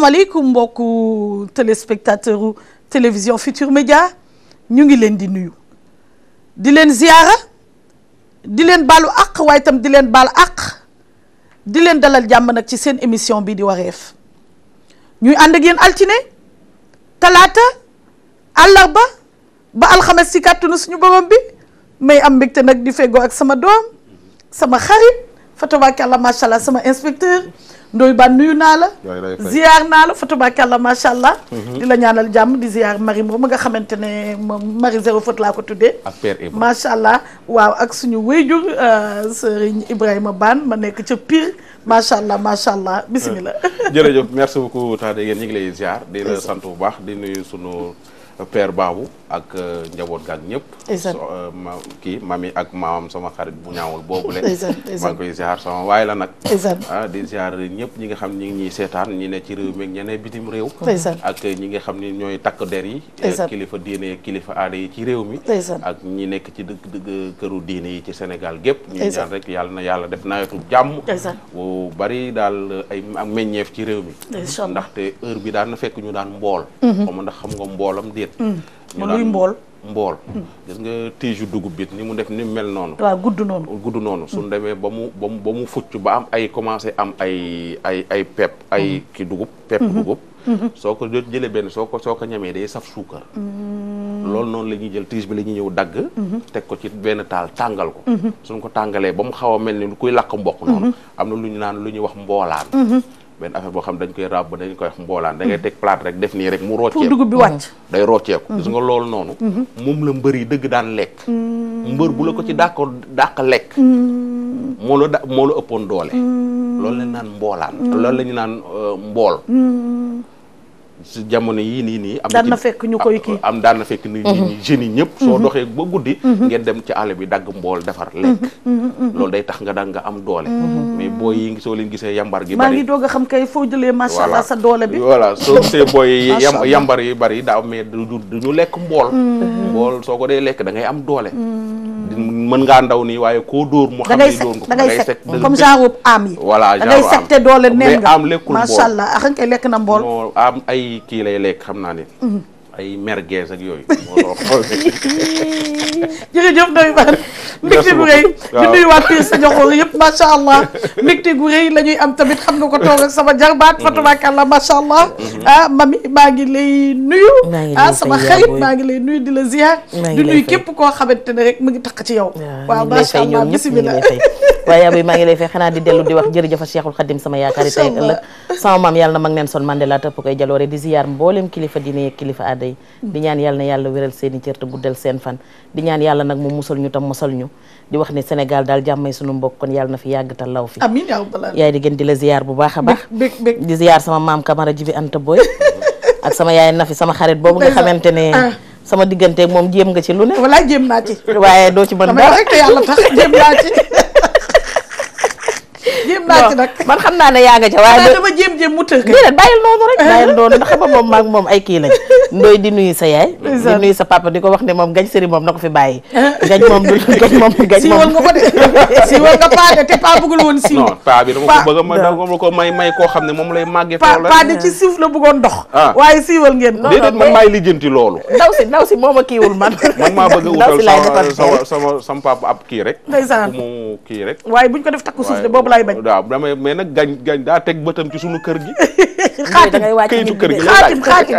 asalaamaaleykum mbokku téléspectateur u télévision Futur Média ñu ngi leen di nuyu di leen ziyaara di leen baalu àq waaye di leen baal àq di leen dalal jàmm nag ci seen émission bi di wareef ñuy ànd ak altine talaata àllarba ba alxames ci kàttanu suñu borom bi may am mbégte nag di feggoo ak sama doom sama xarit Fatabaakalla macha allah sama inspecteur. ndoy baan nuyu naa la ziyaar naa la fa tabarakallah masha allah mhm. di la ñaanal jàmm di ziyaar Marie moom nga xamante ne Marie zéro faute laa ko tuddee masha allah waaw ak suñu wéyjur euh, sëriñ Ibrahima Baan ma nekk ca Pire macha allah macha allah bisimilah. jërëjëf merci beaucoup Tade yéen ñu ngi lay ziar. di la bu baax di nuyu sunu. père Babou ak euh, njaboot gaak ñëpp. Euh, ma kii mami ak maamam sama xarit bu ñaawul boobule. maa ngi koy ziar sama waay la nag. Ah, di ziar ñëpp ñi nga xam ñi ngi ñuy seetaan ñi ne ci réew mi ñeneen bitim réew. ak ñi nga xam ni ñooy takk der yi. kilifa diine kilifa aada yi ci réew mi. ak ñi nekk ci dëgg dëgg këru diine yi ci Sénégal gépp. ñu ñaan rek yàlla na yàlla def nawetu jàmm. bu bari daal ay meññeef ci réew mi. ndaxte heure bi daal na fekk ñu daan mbool. Mhm. xam ndax xam mboolam déet teg. Mm. ñu luy mbool. mbool mm. gis nga tiiju dugub bi ni mu def ni mu mel noonu. waaw gudd noonu gudd noonu. suñ mm. demee ba mu ba mu ba mu fucc ba am ay commencé am ay ay ay pepp ay ki dugub. pepp mm-hmm. dugub. Mm-hmm. soo ko jëlee benn soo ko soo ko ñamee day saf suukar. loolu noonu la ñuy jël tiij bi lañuy ñëw dagg. Mm-hmm. teg ko ci benn taal tàngal ko. suñ ko tàngalee ba mu xaw a mel ni lu kuy lakk mboq noonu. am na lu ñu naan lu ñuy wax mboolaan. benn affaire boo xam dañ koy raab ba dañ koy wax mboolaan da ngay mm-hmm. teg plate rek def nii rek mu rocceeku dugub bi wàcc mm-hmm. day rocceeku mm-hmm. su nga loolu noonu moom la mbër yi dëgg daan lekk mbër bu la ko ci dàq dàq lekk moo la da moo la ëppoon doole loolu lañ naan mboolaan loolu la ñu naan euh, mbool si jamono yii nii nii. am daan na fekk ñu koy kii am daan na fekk nu jeunes yi ñëpp. soo doxee ba guddi. ngeen dem ci àll bi dagg mbool defar lekk. loolu day tax nga daan nga am doole mm-hmm. Mm-hmm. mais booy yi soo leen gisee yambar gi bari maa ngi a xam kay foo jëlee macha allah sa doole bi voilà soo gisee booy yambar yi bari daaw mais du ñu lekk mbool mm-hmm. mbool soo ko dee lekk da ngay am doole mën nga ndaw ni waaye ko door mu xam ne dóor da ngay sec comme genre am te doole neen nga am lekkul mbool allah axan ah, kay lekk na mbool am ay kii lay lekk xam naa ne ay merguez ak yooyu. jërëjëf Ndoye Bane. mbégte gu rëy di nuyu waa Pire Saniokhor yëpp macha allah mbégte gu rëy la ñuy am tamit xam nga ko toog ak sama jarbaat mhm. Fatou Bakkala macha allah. Mhm. ah mami maa ngi lay nuyu. ah sama xarit maa ngi lay nuyu di la ziar. di nuyu képp koo xamante ne rek mu ngi taq ci yow. waaw macha allah bisimilah waaye abi maa ngi lay di dellu di wax jërëjëf Cheikhul Khadim sama yaakaari tey na mag neen son Mandela tëpp koy jaloore di ziar mboolem kilifa diine kilifa aada yi di ñaan yàlla na yàlla wéral seen i cër te guddal seen fan di ñaan yàlla nag mu musal ñu tam musal ñu di wax ne Sénégal daal jàmmay sunu mbokk kon yàlla na fi yàgg te law fi amiin yaay di gën di la ziyaar bu baax a baax di ziyaar sama maam Camara Jibi Anta Boy ak sama yaay Nafi sama xarit boobu nga xamante ne ah. sama digganteeg moom jéem nga ci lu ne wala jéem naa ci waaye doo ci mën dara tax jéem naa ci naa ci man xam naa ne yaa nga ca waaye dama jéem jéem mu tënk déedéet bàyyil noonu rek bàyyil noonu ndax xam moom maag moom ay kii lañ ndoy di nuyu sa yaay di nuyu sa papa di ko wax ne moom gañ sëri moom na ko fi bàyyi gañ moom du gañ moom gañ moom siiwal nga woon siiw non paa bi dama ko bëgg ma dama may may koo xam ne moom la paa la bëggoon dox ah. waaye siiwal ngeen déedéet man maay lijjanti loolu ndaw si ndaw si moo ma kiiwul man man maa bëgg a sama sama sama papa kii rek ndeysaan mu kii rek waaye buñ ko def takku suuf de boobu laay bañ waaw damay mais nag gañ gañ daa teg bëtam ci suñu kër gi. xaatim kayitu kër gi xaatim xaatim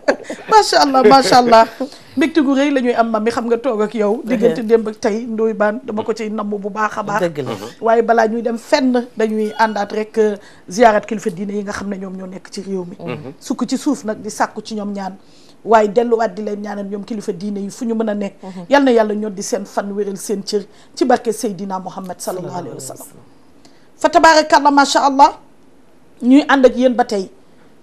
macha allah macha allah. mbégte gu la ñuy am ma mi xam toog ak yow diggante démb ak tey ndoy baan dama ko ciy namm bu baax a baax uh-huh. waaye balaa ñuy dem fenn dañuy àndaat rek euh, ziarat kilifa diine yi nga xam ne ñoom ñoo nekk ci réew mi uh-huh. sukk ci suuf nag di sàkku ci ñoom ñaan waaye delluwaat di leen ñaanal ñoom kilifa diine yi fu ñu mën a ne uh-huh. yal na yàlla ñoo di seen fan wéral seen cër ci barke Seydina Muhammad sallallahu alayhi wa sallam fa tabaarakalla macha allah ñuy ànd ak yéen ba tey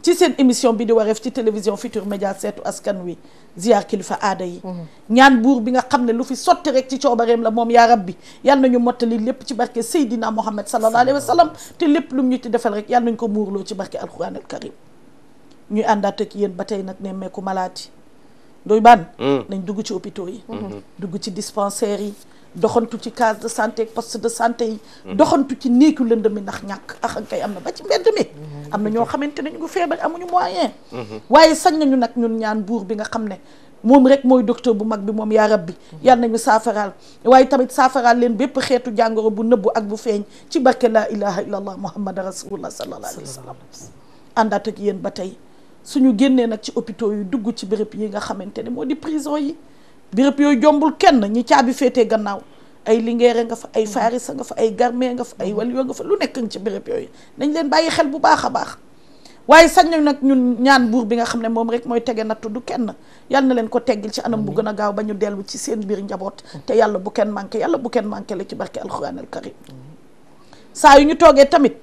ci seen émission bi di wareef ci télévision Futur Média seetu askan wi ziar kilifa aada yi. Mhm. ñaan buur bi nga xam ne lu fi sotti rek ci coobareem la moom yaa rabbi yal ñu mottali lépp ci barke Seydina Mohamed sallallahu alayhi wa sallam te lépp lu mu ñu ci defal rek yal nañu ko muurloo ci barke alquran al karim ñuy àndaat ak yéen ba tey nag ne meeku malaati dooy baan. Mm. nañ dugg ci hôpitaux yi. Mhm. dugg ci doxantu ci case de santé ak poste de santé yi doxantu ci néegu lëndëm mi ndax ñàkk ak kay am na ba ci mbedd mi am na ñoo xamante ne ñu ngi feebar amuñu moyen waaye sañ nañu nag ñun ñaan buur bi nga xam ne moom rek mooy docteur bu mag bi moom yaa rab bi yal nañu saafaraal waaye tamit saafaraal leen bépp xeetu jàngoro bu nëbbu ak bu feeñ ci barke laa ilaha illallah muhammad rasulullah sallallahu alayhi wa sallam àndaat ak yéen ba tey su ñu génnee nag ci hôpitaux yu dugg ci béréb yi nga xamante ne moo di prison yi birëb yooyu jombul kenn ñi caabi féete gannaaw ay lingeere nga fa ay mm-hmm. faarisa nga fa ay garmee nga fa ay mm-hmm. waliyo nga fa lu nekk ci birëb yooyu nañ leen bàyyi xel bu baax a baax waaye sañ nañ nag ñun ñaan buur bi nga xam ne moom rek mooy tege nattu du kenn yal na leen ko teggil ci anam bu gën a gaaw ba ñu dellu ci seen biir njaboot te yàlla bu kenn manqué yàlla bu kenn manqué la ci barke alxuraan al karim saa yu ñu toogee tamit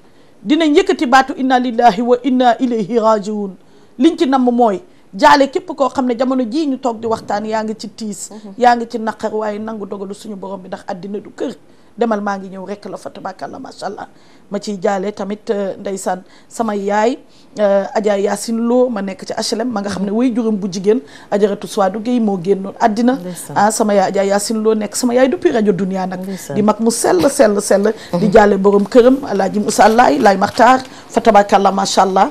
dinañ yëkkati baatu inna lillahi wa inna ilayhi rajiun liñ ci namm mooy jaale képp koo xam ne jamono jii ñu toog di waxtaan yaa ngi ci tiis mhm. yaa ngi ci naqar waaye nangu dogalu suñu borom bi ndax àddina du kër demal maa ngi ñëw rek la fa tabaakallah macha allah ma ciy jaale tamit euh, ndeysaan sama yaay euh, Adja Yacine loo ma nekk ci HLM ma nga xam ne mhm. way juróom bu jigéen ajaratu Suwaadu géy moo génnoon àddina ah sama yaay Adja Yacine Lo nekk sama yaay depuis rajo Dunia nag di mag mu sell sell sell di jaale borom këram alaaji Moussa Laay Laay Maxtaar fa tabakalla macha allah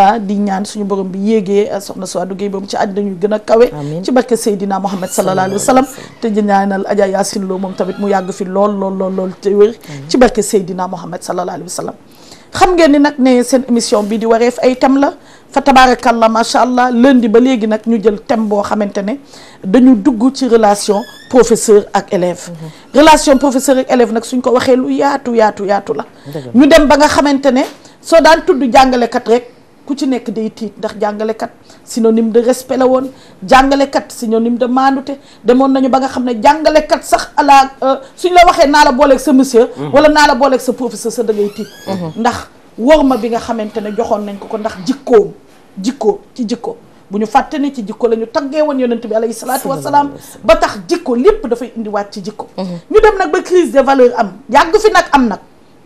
ah, di ñaan suñu borom bi yéegee ah, soxna Souadou Guèye boobu ci àddina ñu gën a kawe ci barke Seydina Mouhamed sallallahu alayhi wa sallam te di ñaanal Adja Yacine Lo moom tamit mu yàgg fi lool lool lool lool te wér ci barke Seydina Mouhamed sallallahu alayhi wa sallam xam ngeen ni nag ne seen émission bi di wareef ay thème la fa la macha allah lundi ba léegi nag ñu jël thème boo xamante ne dañu dugg ci relation professeur ak élève mhm. relation professeur ak suñ ko waxee lu yaatu yaatu yaatu la soo daan tudd jàngalekat rek ku ci nekk day tiit ndax jàngalekat synonyme de respect la woon jàngalekat si synonyme de maandute demoon nañu ba nga xam ne jàngalekat sax ala euh, suñ la waxee naa la booleek sa monsieur. Mhm. wala naa la booleeg sa professeur sa da ngay tiit. Mhm. ndax wor bi nga xamante ne joxoon nañ ko ko ndax jikkoom jikko ci jikko. bu ñu fàtte ne ci jikko la ñu taggee woon yonent bi alayhi salaatu wasalaam ba tax jikko lépp dafay indiwaat ci jikko. Mhm. ñu dem nag ba crise des valeurs fi nag am nag.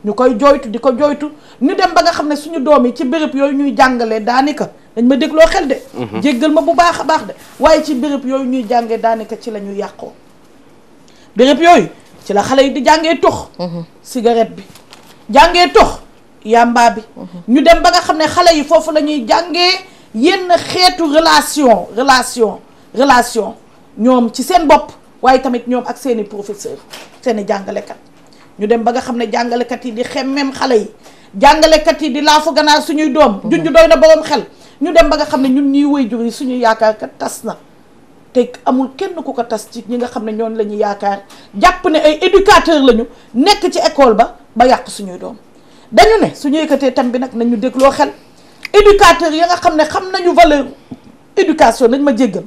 ñu koy jooytu di ko jooytu ñu dem ba nga xam ne suñu doom yi ci béréb yooyu ñuy jàngalee daanaka dañ ma dégloo xel de. Mhm. jéggal ma bu baax a baax de waaye ci bërëb yooyu ñuy jàngee daanaka ci la ñu yàqoo béréb yooyu ci la xale yi di jànge tux. Mhm. cigarette bi jàngee tux yàmbaa bi. Mhm. ñu dem ba nga xam ne xale yi foofu lañuy ñuy jàngee yenn xeetu relation relation relation ñoom ci seen bopp waaye tamit ñoom ak seeni professeur seeni jàngalekat. ñu dem ba nga xam ne jàngalekat yi di xemmem xale yi jàngalekat yi di laafu ganaar suñuy doom mm-hmm. junj doy na borom xel ñu dem ba nga xam ne ñun ñuy wéy jur yi suñu yaakaar kat tas na te amul kenn ku ko tas ci ñi nga xam ne ñoon la ñuy yaakaar jàpp ne ay éducateur lañu nekk ci école ba ba yàq suñuy doom dañu ne suñu yëkkatee tam bi nag nañu dégloo xel éducateur ya nga xam ne xam nañu valeur éducation nañ ma jéggal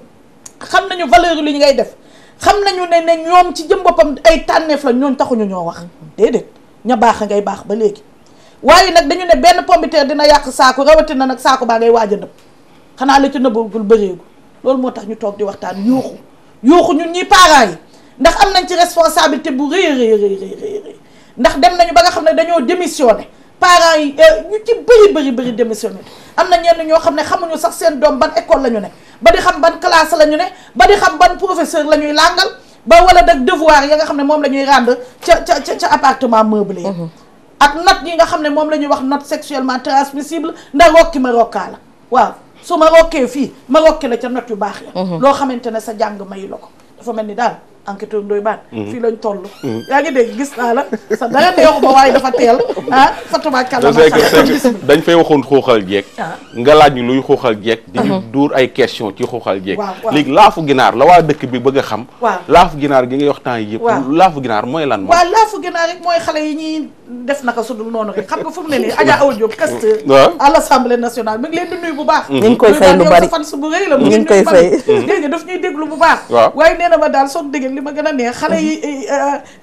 xam nañu valeur li ñu ngay def xam nañu ne ne ñoom ci jëm boppam ay tànneef la ñooñ taxuñu ñoo wax déedéet ña baax a ngay baax ba léegi waaye nag dañu ne benn pombiteer dina yàq saako rawatina nag saako baa ngay waaj a nëb xanaa la ci nëbbagul bëreegul loolu moo tax ñu toog di waxtaan yuuxu yuuxu ñu ñii parents yi ndax am nañ ci responsabilité bu rëy rëy rëy ndax dem nañu ba nga xam ne dañoo démissionné parents yi euh, ñu ci bëri bëri bëri démissionné am na ñenn ñoo xam ne xamuñu sax seen doom ban école la ne ba di xam ban classe la ñu ne ba di xam ban professeur la ñuy làngal ba wala nag devoir ya nga xam ne moom la ñuy rendre ca ca ca appartement meublé. Mhm. ak nat yi nga xam ne moom la ñuy wax note sexuellement transmissible nda rokki ma rokkaa la waaw su ma rokkee fii ma rokki la ca nat yu baax ya mhm. loo xamante ne sa jàng mayu la ko dafa mel ni daal enquêteur Ndoye Bane mm-hmm. fii lañ toll mm-hmm. yaa ngi dégg gis naa la sa dara neexu ba waaye dafa teel ah fatabaakàlla dañ fay waxoon xuuxal jeeg ah. nga laaj ñu luy xuuxal jeeg uh-huh. diñu duur ay question ci xuuxal jeeg léegi laafu ginaar la waa dëkk bi bëgg a xam waaw laafu ginaar gi ngay wax temps yi yëpp laafu ginaar mooy lan waaw laafu ginaar rek mooy xale yi ñuy def naka sudul noonu rek xam nga fu mu ne nii Adja Awa Diop kaste à l'Assemblée nationale mi ngi leen di nuyu bu baax mm-hmm. ñu ngi koy fay lu bari fan su bu rëy la koy fay dégg daf ñuy déglu bu baax li ma gën a neex xale mhm. yi eh,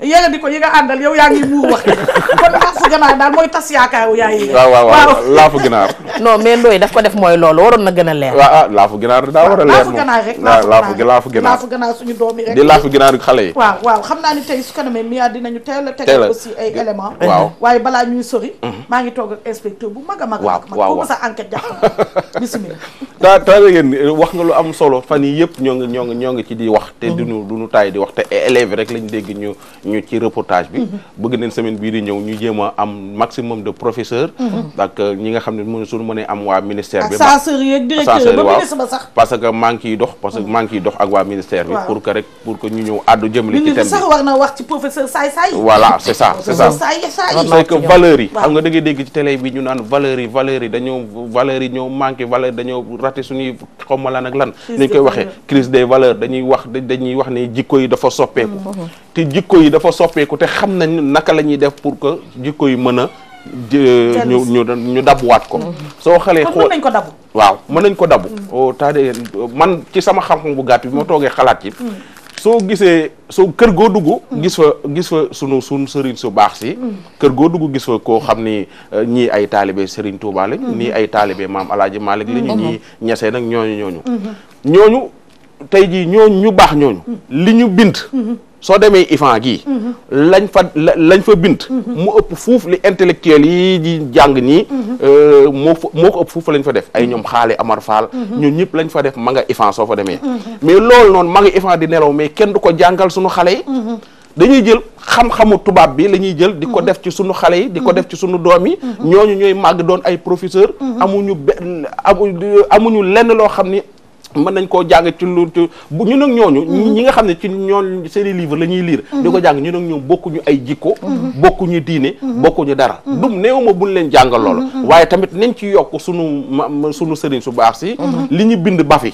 eh, yéga di ko yi nga àndal yow yaa ngi muur wax kon laafu ganaar daal mooy tas yaakaaru yaay yi waaw waaw waaw laafu ganaar non mais ndooy daf ko def mooy loolu waroon na gën a leer waaw ah laafu ganaar daa war a leer moom laafu ganaar rek laafu laafu ganaar laafu ganaar suñu doom yi rek di laafu ganaar xale yi waaw waaw xam naa ni tey su ko demee Mia dinañu teel a tegal aussi ay élément waaw waaye balaa ñuy sori mhm. maa ngi toog ak inspecteur bu mag a mag waaw waaw bu ma sa enquête jàpp bismillah taa taa ngeen wax nga lu am solo fan yi yëpp ñoo ngi ñoo ngi ñoo ngi ci di wax te mhm. duñu duñu tay di wax te élèves rek lañ dégg ñu ñu ci reportage bi bëgg nañ semaine bii di ñëw ñu jéem a am maximum de professeurs mm-hmm. ak euh, ñi nga xam ne mën suñu mënee am waa ministère bi censeur parce que manque yi dox parce que mm-hmm. manque yi dox ak waa ministère bi pour que rek ñu ñëw àddu jëmale bi sax war na yi xam nga da ngay dégg ci télé bi ñu naan valeurs yi valeurs yi dañoo valeurs yi ñoo manqué valeur dañoo raté suñuy xaw ma ak lan nañ koy waxee crise des valeurs dañuy wax dañuy jikko yi dafa soppeeku mm, mm-hmm. te jikko yi dafa soppeeku te xam nañ naka la ñuy def pour que jikko yi mën a euh, ñu ñu ñu dabuwaat ko mm-hmm. soo xalee xool mën ko dabu waaw mën nañ ko dabu mm-hmm. oh, cest à man ci sama xam-xam bu gàtt bi ma toogee xalaat yi soo gisee soo kër goo dugg gis fa gis fa sunu sunu sëriñ su baax si kër goo dugg gis fa koo xam ni euh, ñii ay taalibee sëriñ Tuubaa lañ nii ay taalibee maam Alaaji Maalik lañu ñii ñesee nag ñooñu ñooñu ñooñu tey jii ñooñu ñu baax ñooñu. li ñu bind. soo demee ifan gii. lañ fa lañ fa bind. mu ëpp fuuf li intellectuel yi di jàng nii. Euh, moo fa ko ëpp fuuf lañ fa def ay ñoom xaale Amar Fall. ñun ñëpp lañ fa def mag nga ifan soo fa demee. mais loolu noonu ma nga ifan di nelaw mais kenn du ko jàngal suñu xale yi. dañuy jël xam-xamu tubaab bi la ñuy jël di ko def ci suñu xale yi di ko def ci suñu doom yi ñooñu ñooy màgg doon ay professeur amuñu be amuñu lenn loo xam ni mën nañ koo jàng ci lu ñu nag ñooñu mm-hmm. ñi nga xam ne ci ñoon seeni livre la ñuy lire mm-hmm. di ko jàng ñu nag ñoom bokkuñu ay jikko mm-hmm. bokkuñu diine bokkuñu dara dum néewuma buñ leen jàngal loolu waaye tamit nañ ci yokk sunu sunu sëriñ su baax si li ñu bind bafi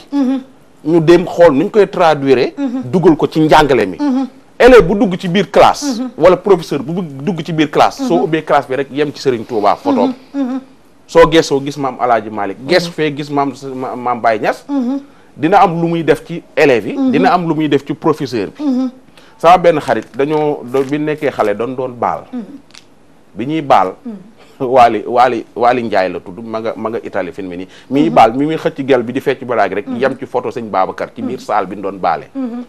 ñu dem xool nuñ koy traduire dugal ko ci njàngale mi élève bu dugg ci biir classe wala professeur bu dugg ci biir classe soo ubbee classe bi rek yem ci sëriñ Tuubaa photo soo geesoo gis maam alaaji Malick mhm. gees fee gis maam maam Baye Niass mhm. dina am lu muy def ci élèves yi mhm. dina am lu muy def ci professeur bi sama benn xarit dañoo bi nekkee xale doon doon baal bi ñuy baal waali waali waali Njaay la tudd ma nga ma nga Italie fi mu nii mi baal mi muy xëcc gel bi di fecc baraag rek yem ci photo sëñ Babacar ci miir saal bi ñu doon baale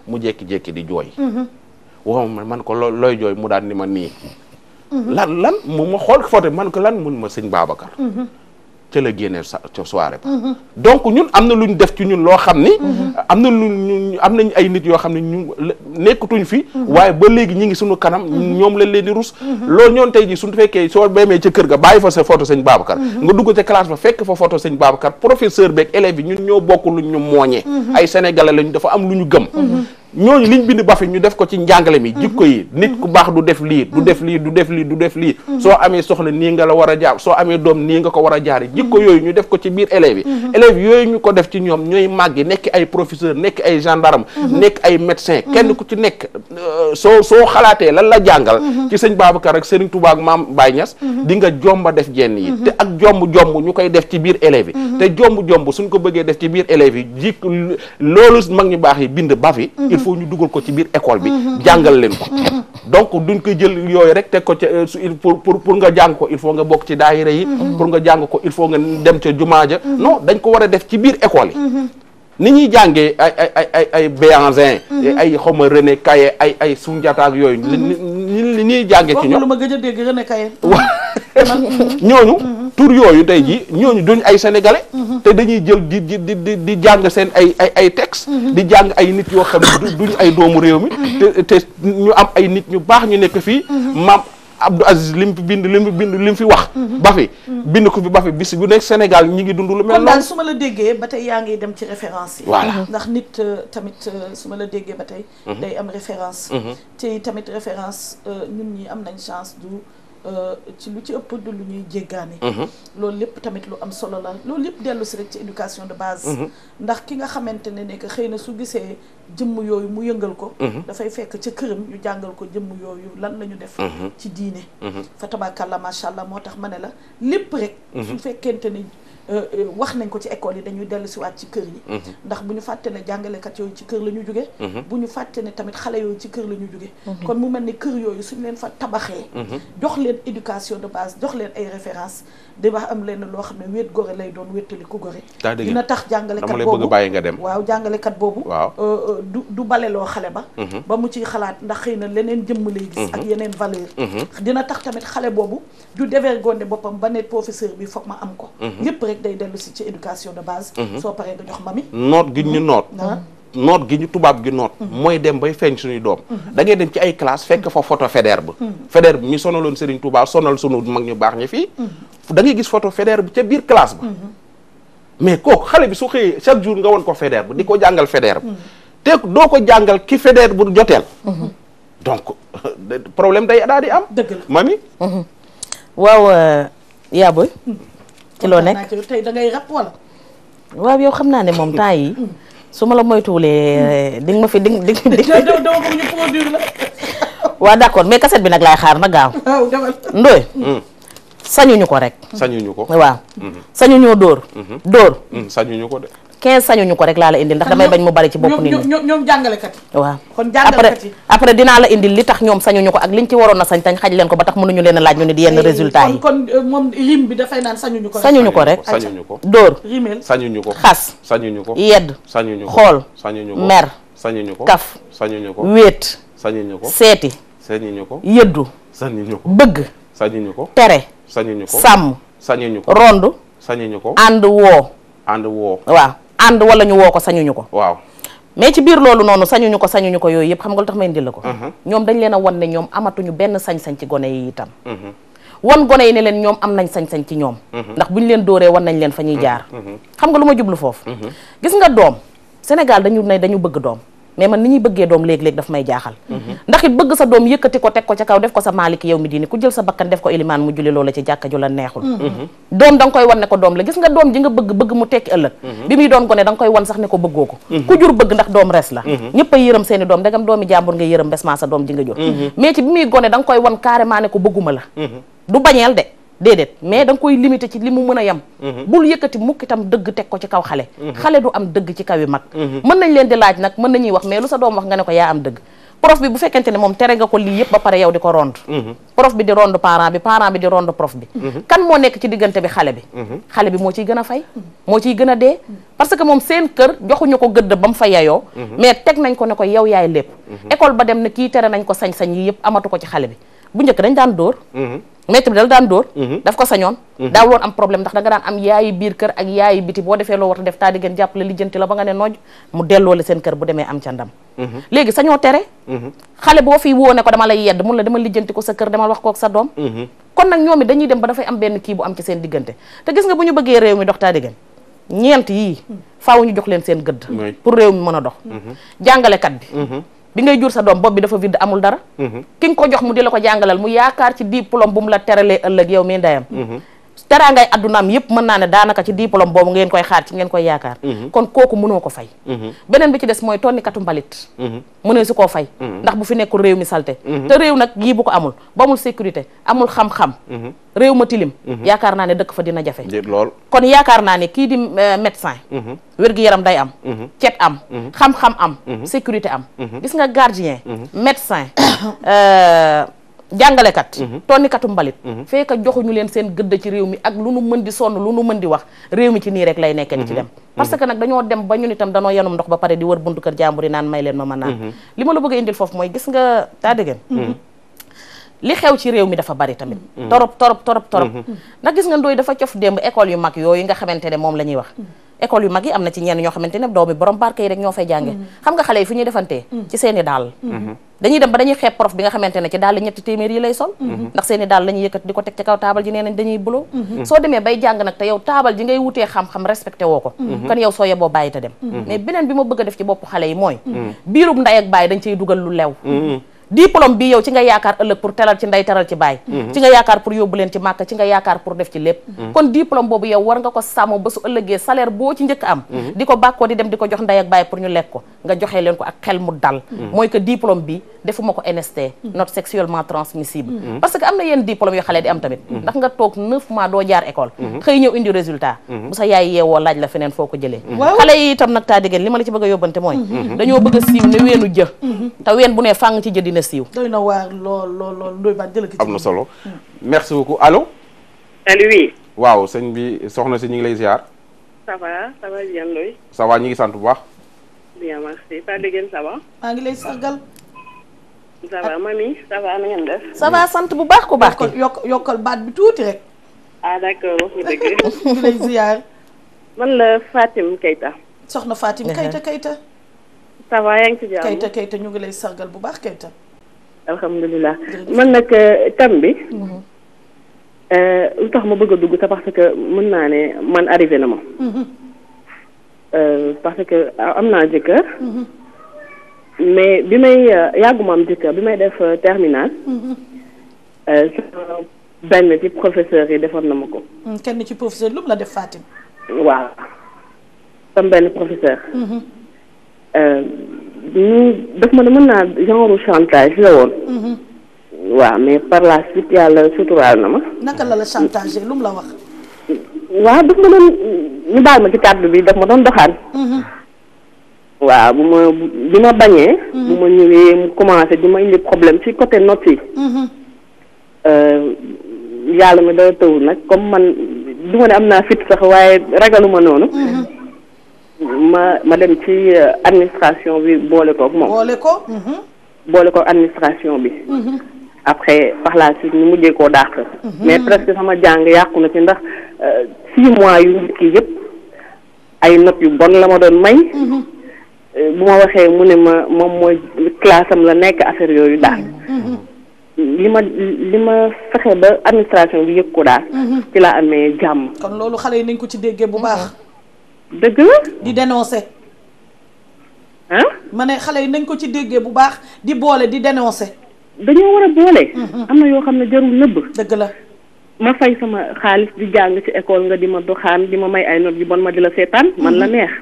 mu jékki-jékki di jooy wow man ko looy jooy mu daan ni ma nii Mm-hmm. lan lan mu ma xool photo man ko lan mun ma sëñ Babacar mm-hmm. la génnee sa ca soirée ba mm-hmm. donc ñun am na lu ñu def ci ñun loo xam ni am na lu ñu am nañ ay nit yoo xam ne ñu nekkatuñ fi waaye ba léegi ñi ngi suñu kanam ñoom lañ leen di rus lool ñoon tey ji suñu fekkee soo béemee ca kër ga bàyyi fa sa photo sañ Babacar nga dugg ca classe ba fekk fa photo sëñ Babacar professeur beeg élèves yi ñun ñoo bokk lu ñu mooñee ay sénégalais lañu dafa am lu ñu gëm ñooñu liñ bind ba fi ñu def ko ci njàngale mi mhm. jikko yi nit ku mhm. baax du mhm. def lii du def lii du def lii du def lii soo amee soxla nii nga la war a jaar soo amee doom nii nga ko war a jaari jikko yooyu ñu def ko ci biir élèves yi yooyu ñu ko def ci ñoom ñooy màggi nekk ay professeur nekk ay gendarme nekk ay médecin kenn ku ci nekk euh, soo soo xalaatee lan la jàngal ci sëñ Babacar ak Serigne Maam Baye di nga jomba def jenn yi te ak jomb-jomb ñu koy def ci biir élèves yi te jomb-jomb suñ ko bëggee def ci biir élèves yi jikko loolu mag ñu baax yi bind ba fi faut ñu dugal ko ci biir école bi mhm. jàngal leen ko mhm. Mhm. donc duñ ko jël yooyu rek teg ko ca pour euh, pour pour nga jàng ko il faut nga bokk ci daayira yi pour nga jàng ko il faut nga dem ca jumaa ja non dañ ko war a def ci biir école yi ni ñuy jàngee ay ay ay ay ay Béhanzin ay xaw ma René ay ay Soundiata ak yooyu ni ñuy jàngee ci ñoom lu ñooñu tur yooyu tey ji ñooñu duñ ay sénégalais mhm. te dañuy jël di di di di jàng seen ay ay ay texte mhm. di jàng ay nit yoo xam ne duñ ay doomu réew mi mhm. te ñu am ay nit ñu baax ñu nekk fii maam Abdou Aziz lim fi bind lim fi bind lim fi wax ba fi bind ko fi ba fi bis bu nekk Sénégal ñi ngi dund lu mel noonu daal su ma la déggee ba tey yaa ngi dem ci référence yi voilà ndax nit euh, tamit euh, su ma la déggee ba tey day am référence te tamit référence euh, ñun ñi am nañ chance du Euh, ci lu ci ëpp du lu ñuy jéggaane mhm. loolu lépp tamit lu am solo la loolu lépp dellu si rek ci éducation de base mhm. ndax ki nga xamante ne ne xëy na su gisee jëmm yooyu mu yëngal ko mhm. dafay fekk ca këram ñu jàngal ko jëmm yooyu lan lañu ñu def ci diine fa tabaarakalla macha allah moo tax ma ne la lépp rek su fekkente ne Euh, euh, wax nañ ko ci école yi dañuy dellu siwaat ci kër yi mhm. ndax bu ñu fàtte ne jàngalekat yooyu ci kër la ñu jóge mhm. bu ñu fàtte ne tamit xale yooyu ci kër la ñu jóge mhm. kon mu mel ni kër yooyu suñ leen fa tabaxee jox leen éducation de base jox leen ay références di wax am lenn loo xam ne wéet gore lay doon wéttali ku gore dina tax jàngalekat boobu euh, euh, du bale loo xale ba mm-hmm. ba mu ci xalaat ndax xëy na leneen jëmm lay gis mm-hmm. ak yeneen valeur mm-hmm. dina tax tamit xale boobu du dévergondé boppam ba ne professeur bi foog ma am ko lépp rek day dellu si ci éducation de base soo paree nga jox mami noot gi ñu noot ah. noot gi ñu tubaab gi noot mooy dem bay feeñ suñuy doom da ngay dem ci ay classe fekk fa photo Faidherbe ba mi sonaloon Serigne Touba sonal da ngay gis photo Federer bi ca biir classe ba. Mhm. mais kook xale bi su xëyee chaque jour nga won ko Federer bi di ko jàngal Federer mhm. doo ko jàngal ki Federer bu joteel. Mhm. donc problème day daal di am. mami. waaw euh, yaa booy loo nekk tey da waaw yow xam naa ne moom temps yi su ma la moytuwulee euh, di ma fi di di di. waaw d'accord mais cassette bi nag laay xaar na gaaw. waaw sañuñu ko rek. sañuñu ko waaw. sañuñoo dóor. dóor. sañuñu ko de. 15 sañuñu ko rek laa la indil ndax damay bañ mu bari ci bopp nit ñi ñoom jàngalekat yi waaw kon jàngalekat après dinaa la indil li tax ñoom sañuñu ko ak liñ ci waroon a sañ tañ xaj leen ko ba tax mënuñu leen a laaj ñu nit yenn résultat yi kon moom lim bi dafay naan sañuñu ko sañuñu ko rek sañuñu ko dóor rimel sañuñu ko xas sañuñu ko yedd sañuñu ko xool sañuñu ko mer sañuñu ko kaf sañuñu ko wéet sañuñu ko seeti sañuñu ko yëddu sañuñu ko bëgg sañuñu ko tere sañuñu ko sàmm sañuñu ko rond sañuñu ko ànd woo ànd woo waaw ànd wala ñu woo ko sañuñu ko waaw mais ci biir loolu noonu sañuñu ko sañuñu ko yooyu yëpp xam nga lu tax ma indil la ko uh-huh. ñoom dañ leen a wan ne ñoom amatuñu benn sañ-sañ ci gone yi itam uh-huh. wan gone yi ne leen ñoom am nañ sañ-sañ ci ñoom uh-huh. ndax buñ leen dóoree won nañ leen fa ñuy jaar xam nga lu ma jublu foofu gis nga doom Sénégal dañu ne dañu bëgg doom mais man ni ñuy bëggee doom léeg-léeg daf may jaaxal mm-hmm. ndax it bëgg sa doom yëkkati ko teg ko ca kaw def ko sa maalik yow mi diini ku jël sa bakkan def ko ilimaan mu julli loola ci jàkka ju neexul mm-hmm. doom da nga koy wan ne ko doom la gis nga doom ji nga bëgg bëgg mu tekki ëllëg mm-hmm. bi muy doon gone da koy wan sax ne ko bëggoo ko ku jur bëgg ndax doom res la ñëpp yërëm seeni doom dagam doomi jàmbur nga yërëm bes maa sa doom ji nga jur mais ci bi muy gone ne ko bëgguma la déedéet mais danga koy limité ci li mu mën a yem mhm. bul yëkkati mukk itam dëgg teg ko ci kaw xale mhm. xale du am dëgg ci kaw yi mag mhm. mën nañ leen di laaj nag mën nañuy wax mais lu sa doom wax nga ne ko yaa am dëgg prof bi bu ne moom tere nga ko lii yëpp ba pare yow di ko rond prof bi di rond parent bi parent bi di rond prof bi kan moo nekk ci diggante bi xale bi xale bi moo ciy gën a fay moo ciy gën a dee parce que moom seen kër joxuñu ko gëdd ba mu fa yayoo mais teg nañ ko ne ko yow yaay lépp école ba dem ne kii tere nañ ko sañ-sañ yi yëpp amatu ko ci xale bi bu njëkk dañ daan dóor mhm. maître bi dal daan dóor mhm. daf ko sañoon mhm. daaw loon am problème ndax danga daan am yaayi biir kër ak yaayi biti boo defee loo war a def taa di ngeen jàppale lijjanti la ba nga ne nooj mu delloo la seen kër bu demee am ca ndam léegi sañoo tere xale boo fi woo ne ko dama lay yedd mun la dama lijjanti ko sa kër dama wax ko ak doom kon nag ñoom it dañuy dem ba dafay am benn kii bu am ci seen diggante te gis nga bu ñu bëggee réew mi dox taa di ñeent yi faw ñu jox leen seen gëdd pour réew mi mën a dox jàngalekat bi bi ngay jur sa doom bopp bi dafa vide amul dara mm-hmm. ki ko jox mu de la ko jàngalal mu yaakaar ci diplôme bu mu la teralee ëllëg yow mi ndeyam mm-hmm. teraangay addunaam yëpp mën naa ne daanaka ci diplôme boobu ngeen koy xaar ci ngeen koy yaakaar mhm. kon kooku mënoo fay mhm. beneen bi ci des mooy tonnikatu mbalit mhm. mënee su koo fay ndax bu fi nekkul réew mi salté te réew nag yii bu ko amul ba amul sécurité amul xam-xam réew ma tilim naa ne dëkk fa dina jafe lool kon yaakaar naa ne kii di eh, médecin wér-gu-yaram day am cet am xam-xam am sécurité am gis nga gardien médecin euh, jàngalekat mhm. tonnikatu mbalit mhm. fekk joxuñu leen seen gëdd ci réew mi ak lu nu mën di sonn lu nu mën di wax réew mi ci nii rek lay nekke di ci mhm. dem parce que nag dañoo dem ba ñun itam danoo yanum ndox ba pare di war buntu kër jàmbur yi naan may leen ma ma naan li ma la bëgg a indil foofu mooy gis nga taa dëggeen li xew ci réew mi dafa bari tamit torop torop torop torop ndax gis nga ndooy dafa cof démb école yu mag yooyu nga xamante ne moom la ñuy wax école yu mag yi am na ci ñenn ñoo xamante ne doomi borom barke yi rek ñoo fay jànge mm-hmm. xam nga xale yi fu ñuy defantee mm-hmm. ci seeni daal mm-hmm. dañuy dem ba dañuy xeeb prof bi nga xamante ne ci daal ñetti téeméer yi lay sol ndax seeni daal la ñuy yëkkat di ko teg ci kaw taabal ji nee nañ dañuy bulo soo demee bay jàng nag te yow taabal ji ngay wutee xam-xam respecté woo ko kon yow soo yeboo bàyyi te dem mais beneen bi ma bëgg a def ci bopp xale yi mooy biirub nday ak bàyyi dañ cay dugal lu lew diplôme bi yow ci nga yaakaar ëllëg pour teral ci ndey teral ci baay mhm. ci nga yaakaar pour yóbbu leen ci màkk ci nga yaakaar pour def ci lépp mhm. kon diplôme boobu yow war nga ko sàmm ba su ëllëgee salaire boo ci njëkk am mhm. di ko bàkkoo di dem di ko jox ndey ak baay pour ñu lekk ko nga joxee leen ko ak xel mu dal mooy que diplôme bi defuma ko NST mm. not sexuellement transmissible mm. Mm. parce que am na yenn diplôme yoo xale di am tamit ndax nga toog neuf mois doo jaar école mm-hmm. xëy ñëw indi résultat mm-hmm. bu sa yaay yeewoo laaj la feneen foo ko jëlee mm-hmm. xale yi itam nag taa diggéen li ci bëgg a yóbbante mooy dañoo bëgg a siiw ne weenu jë te ween bu ne fàng ci jë dina siiw am na solo merci beaucoup allo allo bi soxna si ñu ngi lay ziar ça ñu ngi sant bu baax taa diggéen ça va ngi lay sargal ça va mami ça va na def. ça sant bu baax ku baax. kon yokk yokkal baat bi tuuti rek. ah d'accord wax nga lay ziar. man la Fatim Keita. soxna Fatim Keita Keita. ça va yaa ngi ñu ngi lay sargal bu baax Keita. alhamdulilah man nag euh, thème bi. Mhm. Euh, lu tax ma bëgg a dugg te parce que mën naa ne man arrivé na ma. Mhm. Euh, parce que am naa jëkkër. Mhm. mais bi may euh, yàgguma am jëkkër bi may def euh, terminal mhm. euh, sama benn ci professeur yi defoon na ma ko. Mm, kenn ci professeur lu mu la def Fatim. waaw sama benn professeur. Mhm. ñu daf ma ne mën naa genre chantage la woon. Mhm. waaw mais par la suite yàlla suturaal na ma. naka la la chantage lu mu la wax. waaw daf ma doon ñu baal ma ci kàddu bi daf ma doon doxaan. waaw bu ma bi ma bañee. Mhm. bu ma ñëwee mu commencé di ma indi problème ci côté notes yi. Mhm. Euh, yàlla mi dara tawul nag comme man du ma am naa fit sax waaye ragaluma noonu. Mhm. ma ma dem ci euh, administration bi boole koog moom. boole ko. boole koog administration bi. après par la suite ñu mujjee koo dàq. mais presque sama jàng yàqu na ci ndax euh, six mois yu njëkk yëpp ay notes yu bon la ma doon may. bu ma waxee mu ne ma moom mooy classe la nekk affaire yooyu daal mm-hmm. li ma li ma fexe ba administration bi yëg ko daal mm-hmm. ci laa amee jàmm kon loolu xale yi nañ ko ci déggee bu baax mm-hmm. dëgg la di dénoncer ah ma ne xale yi nañ ko ci déggee bu baax di boole di dénoncer dañoo war a boole am na yoo xam ne jarul nëbb dëgg la ma fay sama xaalis di jàng ci école nga di ma doxaan di ma may ay notes yu bon ma di la seetaan man la neex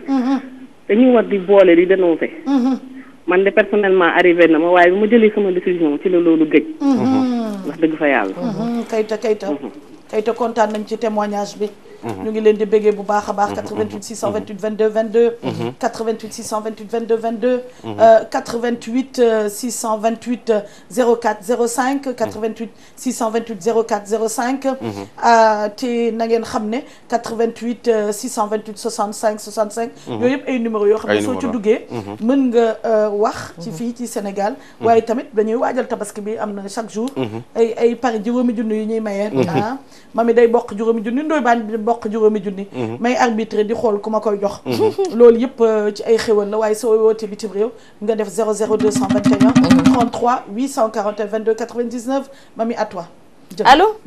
dañuy war di boole di dénoncer. Mhm. man de personnellement arrivé na ma waaye bi ma jëlee sama décision ci la loolu gëj. Mhm. wax dëgg fa yàlla. Mhm. kayta kayta kayta kontaan nañ ci témoignage bi. Mm-hmm. ñu ngi leen di béggee bu baax a baax 88 628 22 22 88 628 22 22 88 628 04 05 88 628 04 05 te na ngeen xam ne 88 628 65 65 yooyu yëpp ay numéro yoo xam ne soo ci duggee mm-hmm. mën nga euh, wax ci mm-hmm. fii ci Sénégal waaye tamit dañuy waajal tabaski bi am na chaque jour ay ay pari juróomi junni yu ñuy mayee ah mami day bokk juróomi junni ndooy baan bi bokk mboq juróomi junni mhm. may arbitré di xool ku ma koy jox mhm. loolu yëpp euh, ci ay xéwal la waaye soo wootee bitim réew nga def 00 221 33 841 22 99 mami à toi allo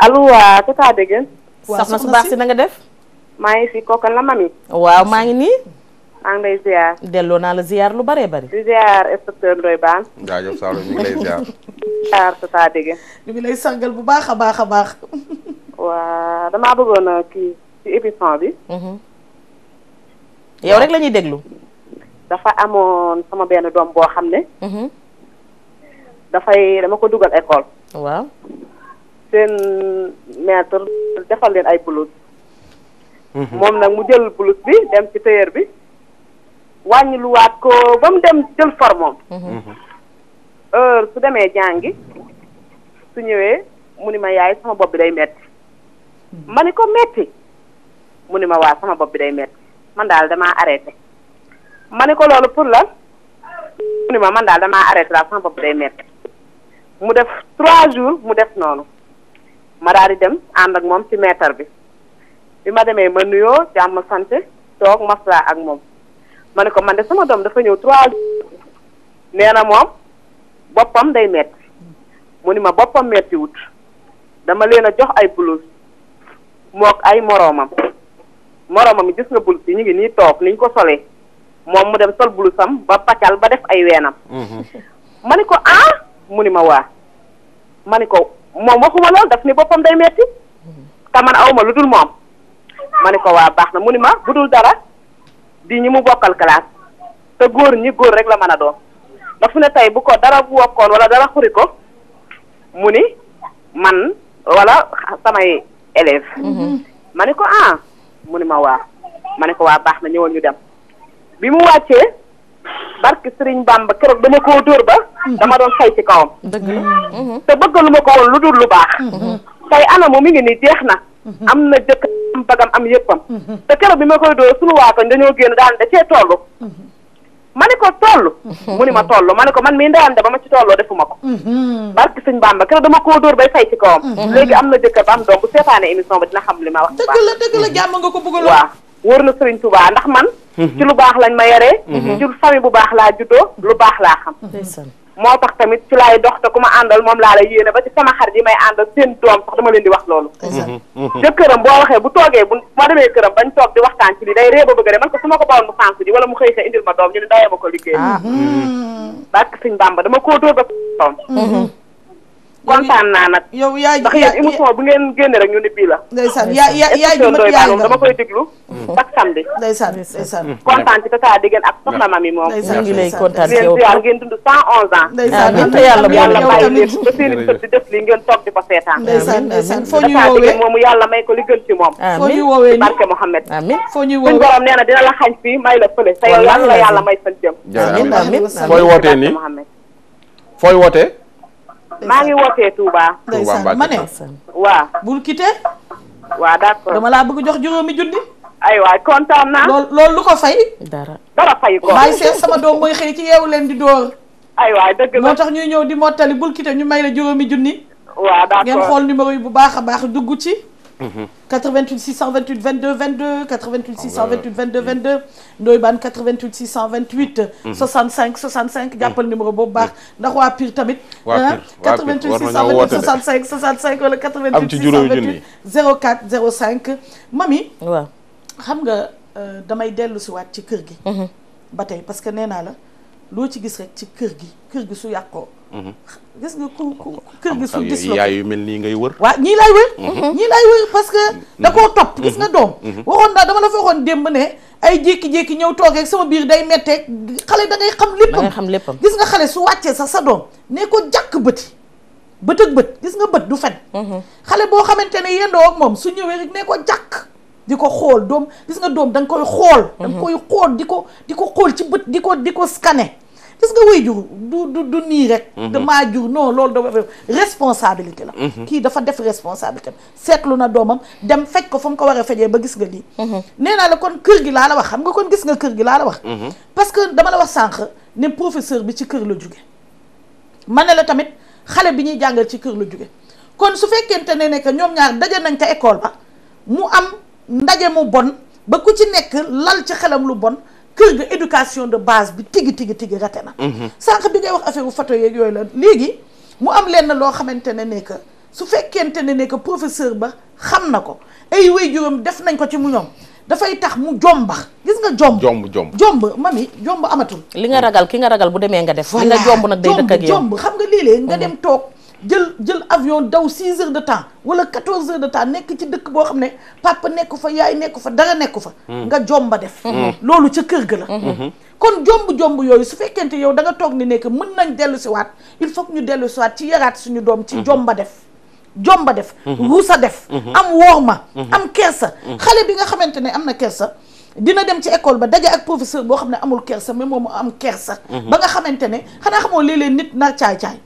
allo waa Tata Dégg soxna su baax si na nga def maa fi kookan la mami waaw maa nii maa ngi lay ziar. delloo naa la ziar lu bëree bëri. di ziar inspecteur Ndoye Bane. jaajëf Saalum ñu ngi lay ziar. ziar Tata lay sangal bu baax a baax a baax. waa damaa bëggoon a kii ci émission bi. Mhm. yow rek la ñuy déglu. dafa amoon sama benn doom boo xam ne. Mhm. dafay dama ko dugal école. waaw. seen maître defal leen ay blouse. Mhm. moom nag mu jël blouse bi dem ci tailleur bi. wàññiluwaat ko ba mu dem jël formam heure mhm. su demee jàngi su ñëwee mu ni ma yaay sama bopp bi day metti mhm. ma ni ko metti mu ni ma waa sama bopp bi day metti man daal damaa arrêté ma ni ko loolu pour la mu ni ma man daal damaa arrêté daal sama bopp day metti mu def trois jours mu def noonu ma daal di dem ànd ak moom ci meetar bi bi ma demee ma nuyoo jàmm sant toog maslaa ak moom ma ne ko man de sama doom dafa ñëw trois nee na moom boppam day met mu ni ma boppam metti wut dama leen a jox ay blouse mook ay moroomam moroomam gis nga blouse yi ñu ngi nii toog niñ ko solee moom mu def sol blouse am ba paccal ba def ay weenam mhm. ma ni ko ah mu ni ma wa ma ni ko moom waxuma lool daf ni boppam day metti mhm. te man awma lu dul moom ma ni ko waa baax na mu ni ma bu dul dara di ñi mu bokkal classe te góor ñi góor rek la mën a doon ba fu ne tey bu ko dara wokkoon wala dara xuri ko ni man wala samay élève mhm. ma ne ko ah mu ni ma wa ma ne ko waa baax na ñëwoon ñu dem bi mu wàccee barke Sëriñ Bamba keroog dama koo dóor ba mhm. dama doon fay ci kawam mhm. te bëggaluma ko woon lu dul tey anamu mi ngi nii na. Mhm. am na jëkk am bagam am yëppam. Mhm. te keroog bi ma koy dóor suñu waa koñ dañoo génn daal da cee toll. Mhm. ma ne ko toll. mu ne ma toll ma ne ko man mii ndeyam da ba ma ci tolloo defuma ko. barke sëñ Bamba keroog dama koo dóor bay fay ci kawam. léegi am na jëkkër ba am doom bu seetaane émission ba dina xam li ma wax. dëgg la dëgg la jàmm nga ko bëgg lool waaw wër na Sëriñ Tuubaa ndax man. ci lu baax lañ ma yaree. ci famille bu baax laa juddoo lu baax laa xam. moo tax tamit ci laay dox te ma àndal moom laa lay yéene ba ci sama xarit yi may àndal seen doom sax dama leen di wax loolu mhm. jëkkëram boo waxee bu toogee bu ma demee këram bañ toog di waxtaan ci li day réeba bëgg de man ko su ma ko bawoon mu sànq ji wala mu xëy sa indil ma doom ñu ne ma ko liggéey ah. mhm. barke sëñ Bàmba dama koo dóor ba doom mhm. kontaan naa nag. yow yaay ndax yéen émission bu ngeen génne rek ñu ne bii la. ndeysaan yaa yaa yaay ju mat yaay dama koy déglu. chaque samedi. ndeysaan ndeysaan. kontaan ci tata di ngeen ak soxna mami moom. ndeysaan ngi lay kontaan ci yow ngeen ngeen dund 111 ans. ndeysaan ndeysaan yàlla bàyyi leen ba seen i sët di def lii ngeen toog di ko seetaan. ndeysaan ndeysaan foo ñu woowee moomu yàlla may ko li gën ci moom. foo ñu woowee ci barke Mouhamed. amiin foo ñu woowee suñu borom nee na dina la xañ fii may la fële. te yow yàlla yàlla may sa jëm. amiin amiin fooy wootee nii fooy wootee maa ngi wootee Touba. Touba ma ne. waaw bul quitté. waaw d'accord dama laa bëgg jox juróomi junni. aywa kontaan naa. loolu loolu lu ko fay. dara dara ko. bàyyi seen sama doom mooy xëy ci yeewu leen di door. aywa dëgg la moo tax ñuy ñëw di mottali bul ñu may la juróomi junni. waaw d'accord ngeen xool numéro yi bu baax a baax dugg ci. 88 628 22 22 88 628 22 22 Ndoye Bane 88 628. 65 65 jàppal numéro boobu baax mhm. ndax waa Pire tamit. waa ah, Pire 88 628 65 65 wala 88. am ci juróomi junni 04 05. mami. waaw xam nga euh, damay dellu si waat ci kër gi. Mhm. ba tey parce que nee naa la. loo ci gis rek ci kër gi kër gi su yàqoo mhm. gis nga ku ku kër gi su gis la yaay yu mel nii ngay wër waa ñii lay wër mhm. ñii lay wër parce que mhm. da koo topp gis nga doom waxoon naa dama la fa waxoon démb ne ay jékki-jékki ñëw toog sama biir day metteeg xale da ngay xam léppam da ngay xam léppam gis nga xale su wàccee sax sa doom ne ko jàkk bëti bët ak bët gis nga bët du fen xale boo xamante ne yendoo ak moom su ñëwee rek ne ko jàkk di ko xool doom gis nga doom da nga koy xool. Mhm. da nga koy xool di ko di ko xool ci bët di ko di ko scanner. gis nga way jur du du du nii rek. Mhm. damaa jur non loolu dafa responsabilité la. Mhm. kii dafa def responsabilité am seetlu na doomam dem faj ko fa mu ko war a fejee ba gis nga lii. nee naa la kon kër gi laa la wax xam nga kon gis nga kër gi laa la wax. parce que dama la wax sànq ne professeur bi ci kër la jóge ma ne la tamit xale bi ñuy jàngal ci kër la jóge kon su fekkente ne ne que ñoom ñaar daje nañ ca école ndaje mu bon ba ku ci nekk lal ci xelam lu bon kër ga éducation de base bi tigi tigi tigi rate na mhm. sànq bi ngay wax affaire bu photo yeeg yooyu la léegi mu am lenn loo xamante ne ne que su fekkente ne ne que professeur ba xam na ko ay waajuram def nañ ko ci mu ñoom dafay tax mu jomba gis nga jomb jomb jomb jomb mami jomb amatul li nga ragal ki nga ragal bu demee nga def li nga jomb nag day dëkk ak yow jomb xam nga léeg nga mhm. dem toog jël jël avion daw 6 heures de temps wala 14 heures de temps nekk ci dëkk boo xam ne papa nekk fa yaay nekk fa dara nekk fa. Hmm. nga jomba def. Hmm. Hmm. loolu ca kër ga la. kon jomb-jomb yooyu su fekkente yow da nga toog ni nekk mën nañ dellu si waat il faut que ñu dellu si waat ci yaraat suñu doom ci jomba def. jomba def. ruusa def. am ma am kersa. xale bi nga xamante ne am na kersa. dina dem ci école ba daje ak professeur boo xam ne amul kersa mais moom am kersa. ba nga xamante ne xanaa xamoo léeg nit nar caay-caay.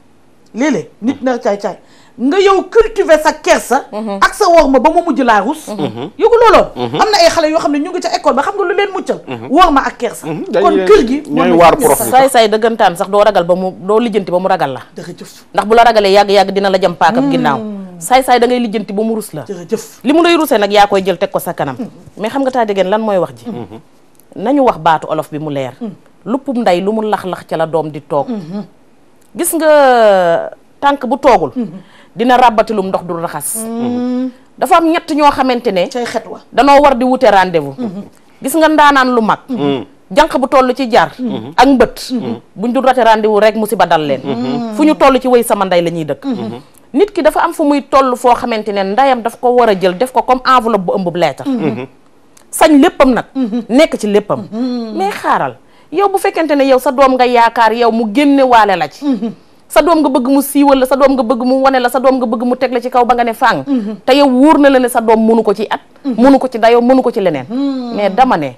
léeg-léeg nit na caay-caay nga yow cultiver sa kersa. Mhm. ak sa worma ba mu mujj laa rus. Mhm. yëgu looloon. Mhm. am na ay xale yoo xam ne ñu ngi ca école ba xam nga lu leen muccal. worma ak kersa. kon kër gi ñooy waar dëggantaan sax doo ragal ba mu doo lijjanti ba mu ragal la. jëf ndax bu la ragalee yàgg yàgg dina la jëm paakam hmm. ginnaaw. saay saay dangay lijjanti ba mu rus la. jërëjëf li mu lay rusee nag yaa koy jël teg ko sa kanam. Hmm. mais xam nga taa dégeen lan mooy wax ji. nañu wax baatu olof bi mu leer. Hmm. luppum nday lu mu lax-lax ca la doom di toog gis nga tànk bu toogul. Mm-hmm. dina ràbbatilum ndox du raxas. Mm-hmm. dafa am ñett ñoo xamante ne. cay xet wa danoo war di wute rendez mm-hmm. gis nga ndaanaan lu mag. jànq bu toll ci jaar. ak mbët. buñ dul rate rendez-vous rek musiba dal leen. fu ñu toll ci wéy sama ndey la ñuy dëkk. nit ki dafa am fu muy toll foo xamante ne ndayam daf ko war a jël def ko comme enveloppe bu ëmb bu leetar sañ léppam nag. nekk ci léppam. mais xaaral. yow bu fekkente ne yow sa doom nga yaakaar yow mu génne waale la ci mhm. sa doom nga bëgg mu siiwal la sa doom nga bëgg mu wane la sa doom nga bëgg mu teg la ci kaw ba nga ne fàng mhm. te yow wóor na la ne sa doom mënu ko ci at mënu mhm. ko ci dayoo mënu ko ci leneen hmm. mais dama ne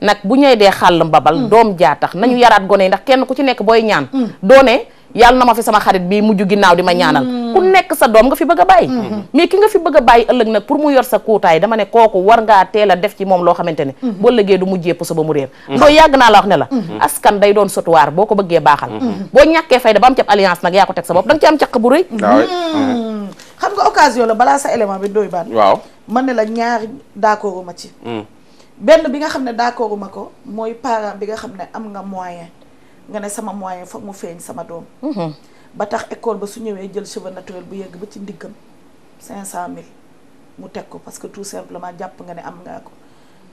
nag bu ñëwee dee xàll mbabal hmm. doom jaa tax nañu yaraat gone yi ndax kenn ku ci nekk booy ñaan hmm. doone yàlla na ma fi sama xarit bi mujj ginnaaw di ma ñaanal mm. ku nekk sa doom nga fi bëgg a bàyyi mm-hmm. mais ki nga fi bëgg a bàyyi ëllëg nag pour mu yor sa kuutaay dama ne kooku war ngaa teel a def ci moom loo xamante ne mm-hmm. boo lëggee du mujjee puso ba mu réer doo mm-hmm. yàgg naa la wax ne la askan day doon sotuwaar boo ko bëggee baaxal boo ñàkkee fayda ba am ci alliance nag yaa ko teg sa bopp da ci am caq bu rëy xam nga occasion la balaa sa élément bi dooy baan waaw man ne la ñaari d'accord ma mm. benn bi nga xam ne d'accord ma ko mooy parent bi nga xam ne am nga moyen nga ne sama moyen foog mu feeñ sama doom mhm. ba tax école ba su ñëwee jël cheveux naturel bu yegg ba ci ndiggam cinq cent mille mu teg ko parce que tout simplement jàpp nga ne am ngaa ko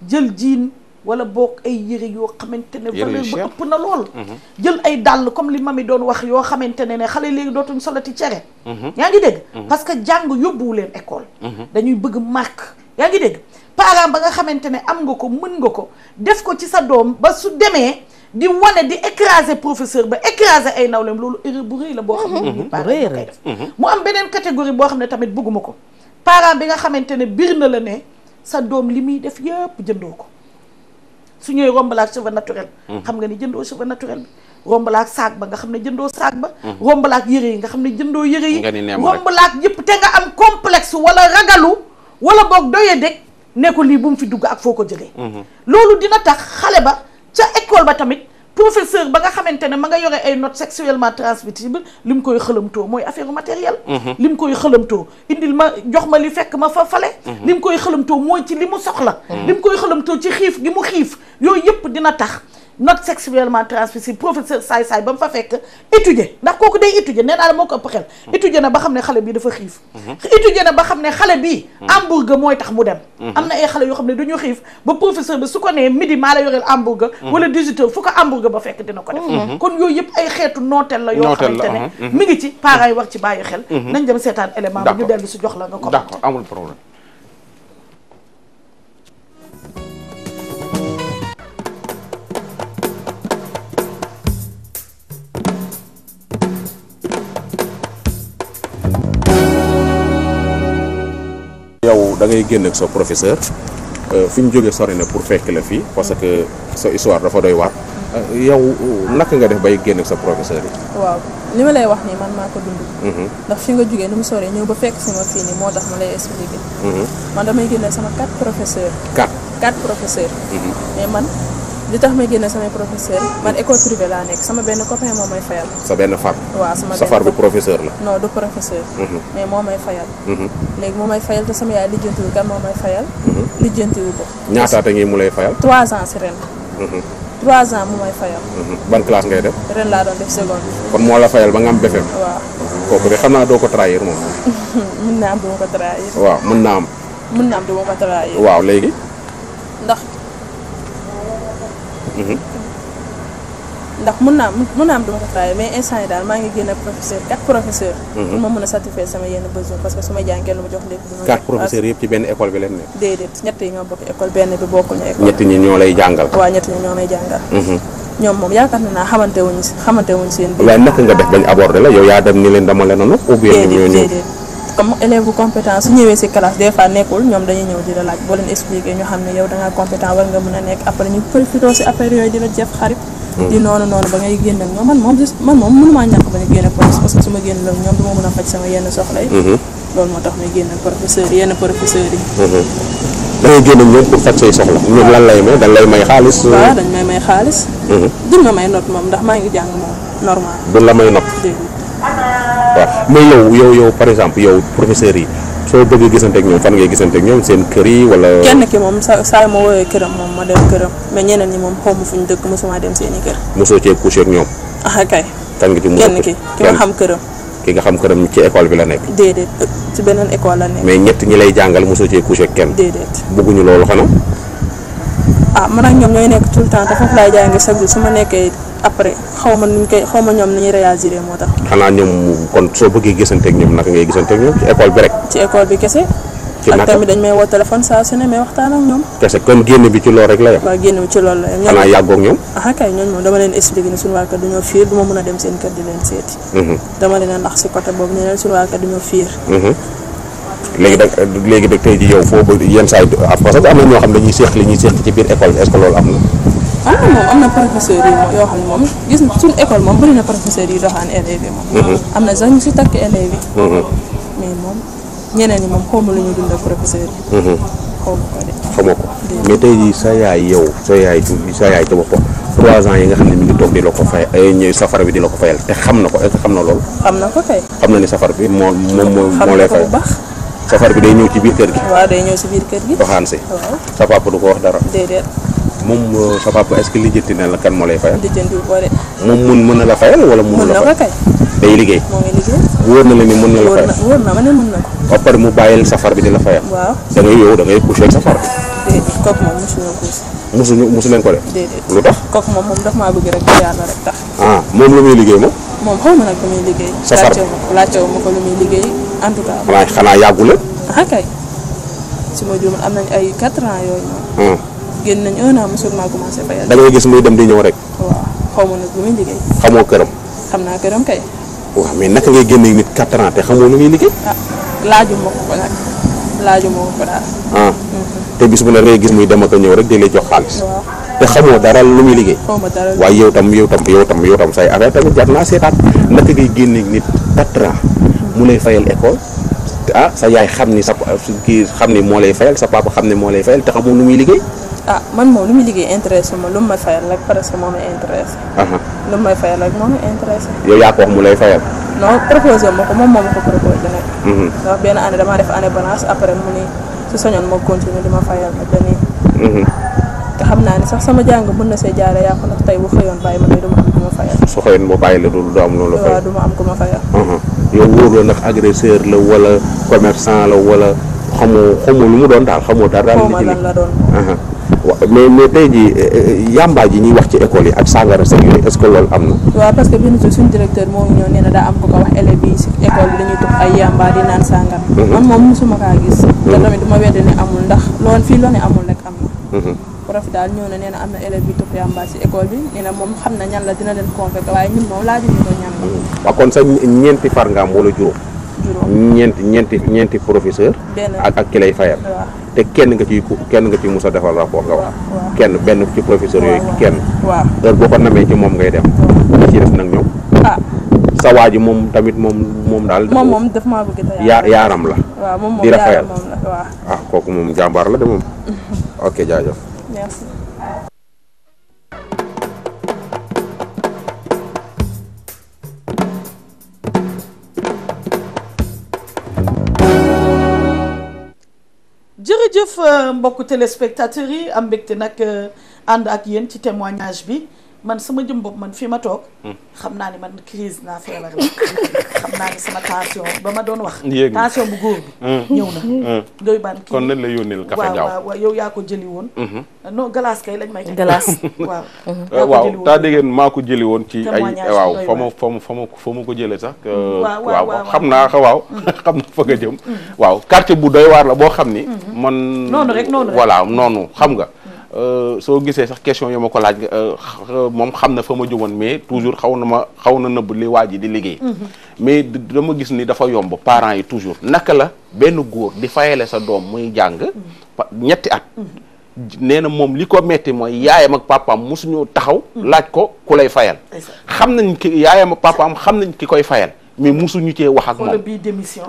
jël jiin wala boog ay yére yoo xamante ne valeur ba ëpp na lool mhm. jël ay dàll comme li mami doon wax yoo xamante ne ne xale léegi dootuñ solati cere mhm. yaa ngi dégg parce que jàng yóbbuwu leen école dañuy bëgg marque yaa ngi dégg parent ba nga xamante ne am nga ko mën nga ko def ko di wane di écraser professeur ba écraser ay nawleem loolu erreur bu rëy la boo xam ne mhm. ñu parent yi koy def mu am beneen catégorie boo ko parent bi nga xamante ne biir na la ne sa doom li muy def yëpp jëndoo ko su ñëwee rombalaak cheveux naturel mhm. xam nga ni jëndoo cheveux naturel bi rombalaak saag ba nga xam ne jëndoo saag ba mhm. rombalaak yëre yi nga xam ne jëndoo yëre yi rombalaak yëpp te am complexe wala ragalu wala boog doye deg ne lii bu mu fi dugg ak foo ko jëlee loolu dina tax xale ba ca école ba tamit professeur ba nga xamante ne ma nga yore ay notes sexuellement transmissibles lim koy xëlamtoo mooy affaire matériel mhm. lim koy xëlamtoo indil ma jox ma li fekk ma fa fale mhm. lim koy xëlamtoo mooy ci li mu soxla mhm. lim koy xëlamtoo ci xiif gi mu xiif yooyu yëpp dina tax not sexuellement transmissible professeur saay saay ba mu fa fekk étudier ndax kooku day étudier nee naa la moo ko ëpp xel mm-hmm. étudier na ba xam ne xale bii dafa xiif mm-hmm. ba xam ne xale bii mm-hmm. hamburger mooy tax mu dem am na ay xale yoo xam ne dañu xiif ba professeur bi su ko nee midi maa la yoreel hamburger wala 18 heures fu ko hamburger ba fekk dina ko def kon yooyu yëpp ay xeetu nooteel la yoo xamante ne mi ngi ci parents yi war ci bàyyi xel nañ dem seetaan élément bi ñu dellu si jox la nga ko yow da ngay génn ak sa professeur euh, fi ñu jógee sori na pour fekk la fii parce que sa histoire dafa doy waar. Euh, yow naka nga def bay génn ak sa professeur yi. waaw li ma lay wax nii man maa ko dund. Mhm. ndax fi nga jógee nu mu soree ñëw ba fekk si ma fii nii moo tax ma lay expliquer. Mhm. man damay génne sama quatre professeurs. quatre quatre professeurs. Mhm. mais man. li tax may génne samay professeur man école privée laa nekk sama benn copain moo may fayal. sa benn far. waaw sama benn sa far bu professeur la. non du professeur. Mhm. mais moo may fayal. Mhm. léegi moo may fayal te sama yaay lijjantiwu kan moo may fayal. Mhm. fayal. trois ans si ren. trois ans mu may fayal. ban classe ngay def. ren laa doon def seconde. kon moo la fayal ba nga am BFEM. waaw kooku de xam naa doo ko trahir moom. mën naa am doo ko trahir. waaw mën naa am. mën naa am doo ko trahir. waaw léegi. Mhm. ndax mun naa mun naa am duma ko travailler mais instant yi daal maa ngi génne professeur quatre professeurs. Mhm. pour ma mën a satisfaire sama yenn besoin parce que su ma jànkee lu ma jox lépp. quatre professeurs yëpp ci benn école bi leen ne. déedéet ñett yi ñoo bokk école benn bi bokkuñu école. ñett ñi ñoo lay jàngal. waaw ñett ñi ñoo lay jàngal. Mhm. ñoom moom yaakaar naa xamante wuñu si xamante wuñu seen. waaye naka nga def bañ aborder la yow yaa dem ni leen dama leen a nopp. déedéet déedéet ou bien ñoo ñëw. comme élève bu compétent ñëwee si classe des fois nekkul ñoom dañuy ñëw di la laaj boo leen expliqué ñu xam ne yow da ngaa war nga mën a nekk après ñu profité si affaire yooyu di la jëf xarit. Hmm. di noonu noonu ba ngay génn a faj sama yenn soxla hmm. may hmm. lan lay may dañ lay may xaalis. Euh. waaw dañ may may xaalis. duñ ma not moom ndax maa ngi jàng moom normal. duñ la may not. mais yow yow yow par exemple yow professeur yi soo bëggee gisante ñoom fan ngay gisante ñoom seen kër yi wala. kenn ki moom sa saa ma woowee këram moom ma dem këram mais ñeneen ñi moom ma dem ah, ki ki ma xam këram. ki nga xam bi la nekk. déedéet euh, ci beneen école la nekk. mais ñett ñi lay jàngal mosoo cee couché ak kenn. déedéet bëgguñu loolu xanaa. ah ñoom ñooy nekk tout temps foofu laay jàngee chaque jour su ma nekkee après xaw ma nuñ koy xaw ma ñoom nañuy réagir moo tax. xanaa ñoom kon soo bëggee gisanteeg ñoom naka ngay gisanteeg ñoom ci école bi rek. ci école bi kese. ci naka ak tamit dañ bi ci lool rek lool la ma mën a dem seen kër di leen seeti. Mhm. dama leen a ndax mhm. am na ñoo xam dañuy seex li ñuy seex ci biir école est que loolu am na ah moom am na professeur yi yoo xam ne moom gis na école moom bëri professeur yi doxaan élèves yi moom. Mhm. am na sax ñu si takk élèves yi. Mhm. mais moom ñeneen ñi moom xawma lu ñu professeur yi. Mhm. ko de. xamoo ko sa yaay yow sa yaay du sa yaay dama trois ans yi nga xam ne mi toog di la ko fay safara bi di la ko fayal te xam na ko est xam na lool xam na ko kay. xam na ni safara bi moo moo moo lay fay. safara bi day ñëw ci biir kër gi. waaw day ñëw ci biir kër gi. doxaan si. waaw sa du ko wax dara. moom euh, sa papa est-ce que lijjanti na la kan moo lay fayal. lijjanti ko de. moom mun mën na la fayal wala. mun na ko kay day liggéey. moo na la ni mën na la fayal wóor mën na ko. ba bi di la fayal. waaw da ngay moom ko lu tax. kooku moom ah, muy liggéey moom. moom xaw nag lu liggéey. safar laajte wu ma ko lu muy liggéey en tout cas. xanaa xanaa yàggule. ah kay su ma juumee am nañ ay quatre yooyu noonu. Ah. génn nañ un an mosul maa gis muy dem di ñëw rek. xaw ma nag lu muy xamoo këram. xam naa këram kay. waaw mais naka ngay génne nit quatre ans te xamoo lu muy liggéey. ah laaju ma ko ah, mm-hmm. gis muy dem ak ñëw rek di lay jox xaalis. waaw te xamoo dara lu muy liggéey. xaw ma dara waaye yow tam yow tam yow tam yow tam say affaire tamit jar naa seetaat naka ngay génne nit quatre ans mu lay fayal école. ah sa yaay xam ni sa kii xam ni moo lay fayal sa papa xam ni moo lay fayal te xamoo lu muy liggéey. ah man moom lu muy liggéey intéressé ma lu mu may fayal rek presque moo may intéressé. yow yaa ko wax mu lay fayal. non proposé ma ko moom ma ko proposé nag. Mhm. ndax benn année damaa def année balance après mu ni su mhm. te xam naa ne sax sama jàng mën na see jaaree yàqu ndax tey bu xëyoon bàyyi ma du ma am ku ma fayal. su xëyoon boo bàyyi la du du ma am ku ma fayal. Mhm. yow wóor la ndax agresseur la wala commerçant la wala xamoo xamoo lu mu doon daal xamoo dara. daal li ci la doon. wa mais mais tey jii euh, euh, yàmbaa ji ñuy wax ci école yi ak sàngara sax yooyu est que loolu am na. waaw parce que benn jour suñu directeur moo ñëw nee na daa am ko ko wax élèves yi si école bi dañuy tux ay yàmbaa di naan sàngara. Mhm. man moom mosuma kaa gis. Mhm. te tamit duma wedd ne amul ndax loolu fii loo ne amul rek am na. Mhm. prof daal ñëw na nee am na élèves yi tux yàmbaa si école bi nee moom xam na ñan la dina leen convoqué waaye ñun moom laajuñu sax ñeenti far nga wala juróom. juróom ñeenti ñeenti ñeenti ak ak ki fayal. te kenn nga ci ku kenn nga ciy mus a defal rapport nga wax kenn benn ci professeur yooyu kenn heure boo ko namee ci moom ngay dem da ci des nag ñoom ah ji moom tamit moom moom daal moom yaa yaaram la di rafayal waaw ah, kooku moom jàmbaar la de moom ok jaajëf Diouf mbokku téléspectateurs yi am mbégte nag ànd ak yéen ci témoignage bi man sama jëm bopp man fi ma toog. Hmm. xam naa ne man crise naa feebar la xam naa ne sama tension ba ma bu hmm. na. Hmm. la yónnil kafe jaaw waaw waaw yow yaa ko jëli woon. non glace kay eh, woon ci ay. waaw fa ma fa ma fa ma fa ma ko jëlee sax. Euh, waaw waaw xam naa waaw. doy waar la boo xam ni. man noonu rek noonu rek noonu xam nga. Euh, soo gisee sax question yi ma ko laaj euh, moom xam na fa ma jógoon mais toujours xaw na ma xaw na nëbb li waa ji di liggéey mhm. mais dama gis ni dafa yomb parent yi toujours naka la benn góor di fayale sa doom muy jàng mhm. ñetti at mhm. nee na moom li ko metti mooy yaayam ak papaam mosuñu taxaw laaj ko ku lay fayal xam nañ ki yaayam ak papaam xam nañ ki koy fayal mais mosuñu cee wax ak moom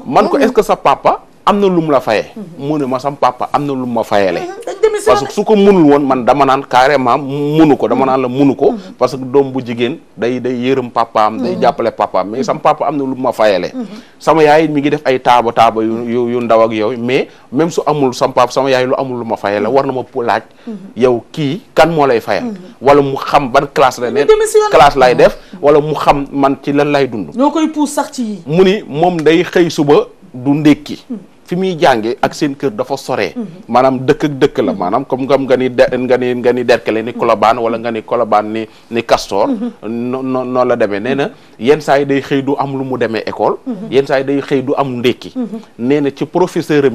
man ko est-ce que sa papa am na lu mu la fayee. mu ne ma sam papa am na lu ma fayele mhm, parce que su ko munul woon man dama naan carrément munu ko dama naan munu ko. Mhm. parce que doom bu jigéen day day yërëm papaam. Mhm. jàppale papaam mais sam papa am na lu ma fayele sama yaay mi ngi def ay taaba taaba yu yu ndaw ak yow mais même su amul sam papa yaay lu amul lu ma fayele war na ma laaj. yow kii kan moo lay fayal. wala mu xam ban classe la ne lay def wala mu xam man ci lan lay dund. ñoo koy sax ci. mu moom day xëy suba du ndékki. fi muy jànge ak seen kër dafa sore maanaam dëkk ak dëkk la maanaam comme ngam nga ni de nga ni nga ni derkele ni kolobaan wala nga ni kolobaan ni ni noonu la demee nee na yenn saa yi day xëy du am lu mu demee école yenn saa yi day xëy du am ndékki nee ci professeur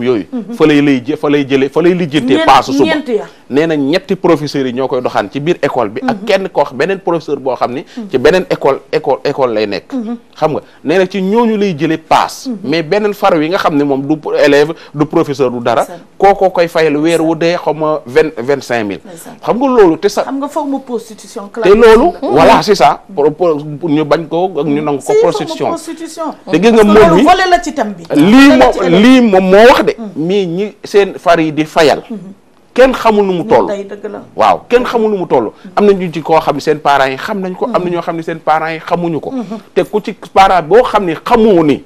am yi ñoo koy doxaan ci biir école bi ak kenn koo beneen professeur boo xam ni ci beneen école école école lay nekk mhm. xam nga nee na ci ñooñu lay jëlee paas mhm. mais beneen far wi nga xam ne moom élève du professeur du dara kookoo koy fayal weer wu dee xaw ma vingt vingt cinq mille xam nga loolu te sa xam nga forme prostitution te loolu voilà hmm. c'est ça pour ñu bañ ko ak ñu nangu ko prostitution te gis nga moom mi volé la ci lii moom moo wax de hmm. mii ñi seen far yi di fayal hmm. kenn xamul nu mu toll waaw kenn xamul nu mu toll am na ñu ci koo xam ne seen parents yi xam nañ ko am na ñoo xam ne seen parents yi xamuñu ko te ku ci parent boo xam ne xamoo ni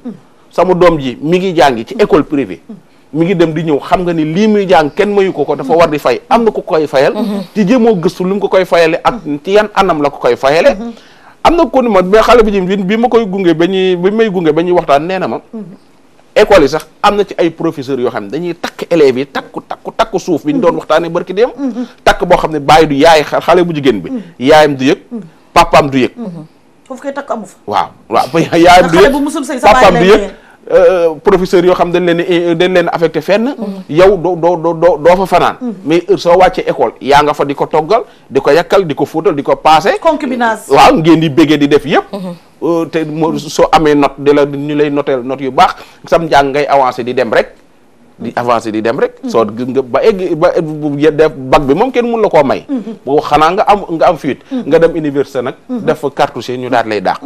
sama doom ji mi ngi jàngi ci école privée mi ngi dem di ñëw xam nga ni lii muy jàng kenn mayu ko ko dafa war di fay am na ko koy fayal ci jéemoo gëstu lu mu ko koy fayale ak ci yan anam la ko koy fayale am na ko ni ma mais xale bi ji bi ma koy gunge ba may gunge ba ñuy waxtaan nee na ma école yi sax am na ci ay professeurs yoo xam ne dañuy takk éléve yi takk takk takk suuf bi ñu doon waxtaanee barki dem takk boo xam ne bàyyi du yaay xale bu jigéen bi yaayam du yëg papaam du yëg foofu koy takk amu fa waaw waaw yaayam du yëg papaam du yëg Euh, professeurs yoo xam dañ leen dañ leen affecté fenn mm. yow doo doo doo doo doo fa fanaan mm. mais soo wàccee école yaa nga fa di ko toggal di ko yakkal di ko fóotal di ko paase concubinage waaw ngeen di béggee di def yëpp mm-hmm. euh, te moo soo amee not di la ñu lay noteel note yu baax sam njàng ngay avancé di dem rek di avancé di dem rek soo gis mm-hmm. nga ba egg ba def bac bi moom kenn mun la koo may mm-hmm. boo xanaa nga am nga am fuite nga dem université nag def cartouche ñu daal lay dàq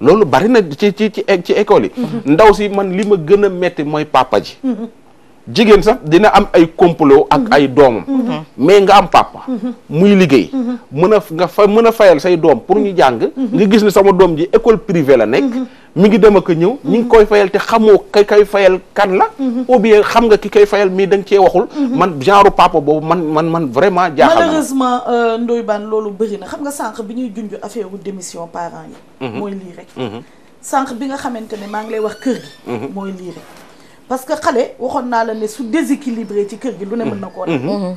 loolu bari na ci ci ci ci école yi. Mhm. ndaw si man li ma gën a metti mooy papa ji. Mhm. jigéen sax dina am ay complot ak mhm. ay doomam mhm. mais nga am papa mhm. muy liggéey mën a nga fa mën a fayal say doom pour ñu jàng nga gis ne sama doom ji école privée la nekk mu ngi dem ak a ñëw ñi ngi koy fayal te xamoo kay fayal kan la ou bien xam nga ki koy fayal mii da nga cee waxul man genre papa boobu man man man vraiment jaaxal malheureusement euh, Ndoye Bane loolu bëri na xam nga sànq bi ñuy junj affaire démission parents yi mooy lii rek sànq bi nga xamante ne maa ngi lay wax parce que xale waxoon naa la ne su déséquilibré ci kër gi lu ne mën na koo def mhm. Mhm.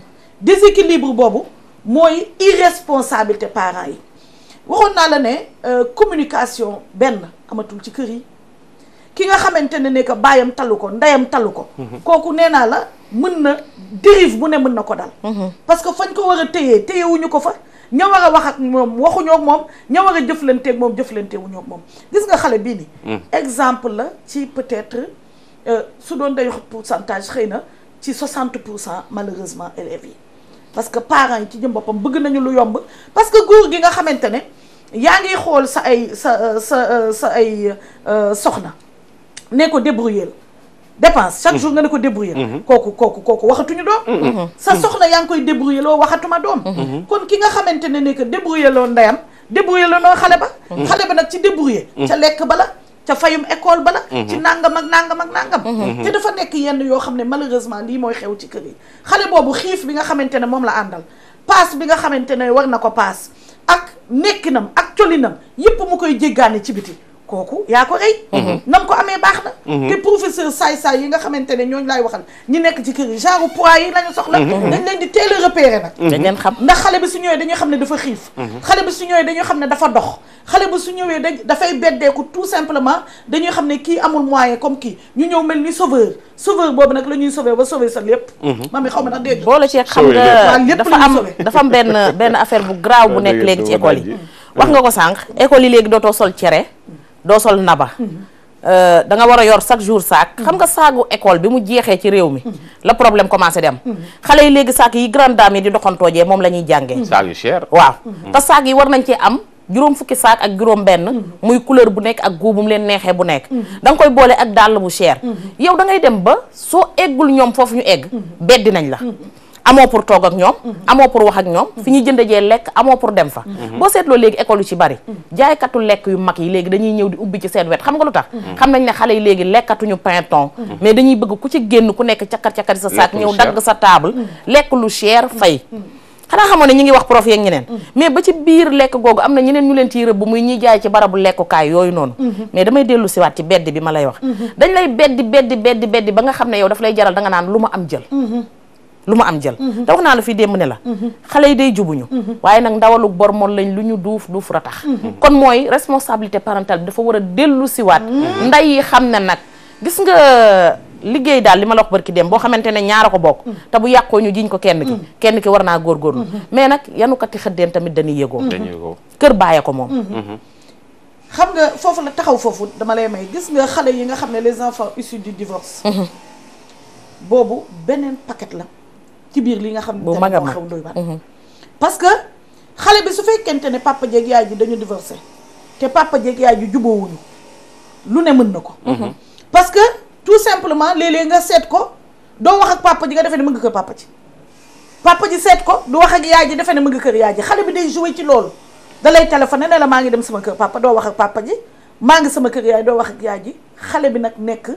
déséquilibre boobu mooy irresponsabilité parent yi waxoon naa la ne euh, communication benn amatul ci kër yi ki nga xamante ne ne que baayam talu ko ndeyam talu ko mhm. kooku nee naa la mën na dérive bu ne mën na ko dal parce que fañ ko war a téyee téyewuñu ko fa ña war a wax ak moom waxuñoo moom ña war a jëflanteeg moom jëflante wuñoo ak moom gis nga xale bii ni mm. exemple la ci peut-être Euh, su doon day wax pourcentage xëy na ci 60 pour cent malheureusement élèves yi parce que parents yi ci jëm boppam bëgg nañu lu yomb parce que góor gi nga xamante ne yaa ngi xool sa ay sa euh, sa euh, sa ay soxna ne ko débrouiller dépense chaque mmh. jour nga ne ko débrouiller mmh. kooku kooku kooku waxatuñu doom mmh. sa soxna yaa ngi koy débrouiller loo waxatuma doom kon ki nga xamante ne ne que débrouiller loo ndeyam débrouiller loo noo xale ba xale ba nag ci débrouiller ca lekk ba la ca fayum école bala mhm. ci nangam ak nangam ak nangam mhm. Mhm. te dafa nekk yenn yoo xam ne malheureusement lii mooy xew ci kër yi xale boobu xiif bi nga xamante ne moom la àndal paas bi nga xamante ne war na ko paas ak nekkinam ak colinam yëpp mu koy jéggaane ci biti kooku yaa ko rey mhm. nam ko amee baax na mhm. te professeur saay-saay yi nga xamante ne ñooñu laay waxal ñi nekk ci kër yi genre poids yi lañu soxla mhm. dañ leen xam ndax xale bi su ñëwee dañuy xam ne dafa xiif xale bi su ñëwee dañuy dafa dox xale bi su ñëwee da dafay beddeeku tout simplement dañuy xam ne kii amul moyen comme kii ñu ñëw mel ni sauveur sauveur boobu nag la ñuy sauver ba sauver sa lépp maam xaw ma nag dégg boole ci am dafa am benn benn affaire bu grave bu nekk léegi ci école yi wax nga ko sànq école yi léegi dootoo sol cere doo sol naba mm-hmm. euh, da nga war a yor chaque jour saak mm-hmm. xam nga saagu école bi mu jeexee ci réew mi mm-hmm. la problème commencé dem xale yi léegi saak yi grande dame yi di doxantoojee moom la ñuy jàngee saag yu cher waaw te saag yi war nañ cee am juróom fukki saak ak juróom benn muy couleur bu nekk ak goût bu mu leen neexee bu nekk danga koy boole ak dàll bu cher yow da ngay dem ba soo eggul ñoom foofu ñu egg beddi nañ la amoo pour toog ak ñoom mhm. amoo pour wax ak ñoom mhm. fi ñuy jënd jee lekk amoo pour dem fa mhm. boo seetloo léegi école yu ci bari jaaykatu lekk yu mag yi léegi dañuy ñëw di ubbi ci seen wet xam nga lu tax xam nañ ne xale yi léegi lekkatuñu printemps mais dañuy bëgg ku ci génn ku nekk cakkar-cakkar sa saak ñëw dagg sa table lekk lu cher fay xanaa xamoon ne ñi ngi wax prof yeeg ñeneen mais ba ci biir lekk googu am na ñeneen ñu leen ciy bu muy ñiy jaay ci barabu lekkukaay yooyu noonu mais damay dellu siwaat ci beddi bi ma lay wax dañ lay beddi beddi beddi beddi ba nga xam ne yow daf lay jaral da nga naan lu ma am jël lu ma am jël te mhm. wax naa la fii démb ne la mhm. xale yi day jubuñu mhm. waaye nag ndawalu bormol lañ lu ñu duuf duuf ratax kon mooy responsabilité parentale bi dafa war a dellu siwaat nday yi xam ne nag gis nga euh, liggéey daal li ma la wax barki dem boo xamante ne ñaara ko bokk te bu yàqoo ñu jiñ ko kenn ki kenn ki war naa góor góorgóorlu mais nag yanukati xëddeen tamit dañuy yëgoo kër bàyye ko moom xam nga foofu la taxaw foofu dama lay may gis nga xale yi nga xam ne les enfants issus du boobu beneen paquet la ci biir li nga xam ne tamit moo xew doy waar mhm. parce que xale bi su fekkente ne papa jeeg yaay ji dañu divorcé te papa jeeg yaay ji jubóowuñu lu ne mën na ko mhm. parce que tout simplement léeg-léeg nga seet ko doo wax ak papa ji nga defee ne mën nga kër papa ji papa seet ko du wax ak yaay ji defee ne mën nga kër yaay ji xale bi day joué ci loolu da lay téléphoné ne la maa ngi dem sama kër papa doo wax ak papa ji maa ngi sama kër yaay doo wax ak yaay ji xale bi nag nekk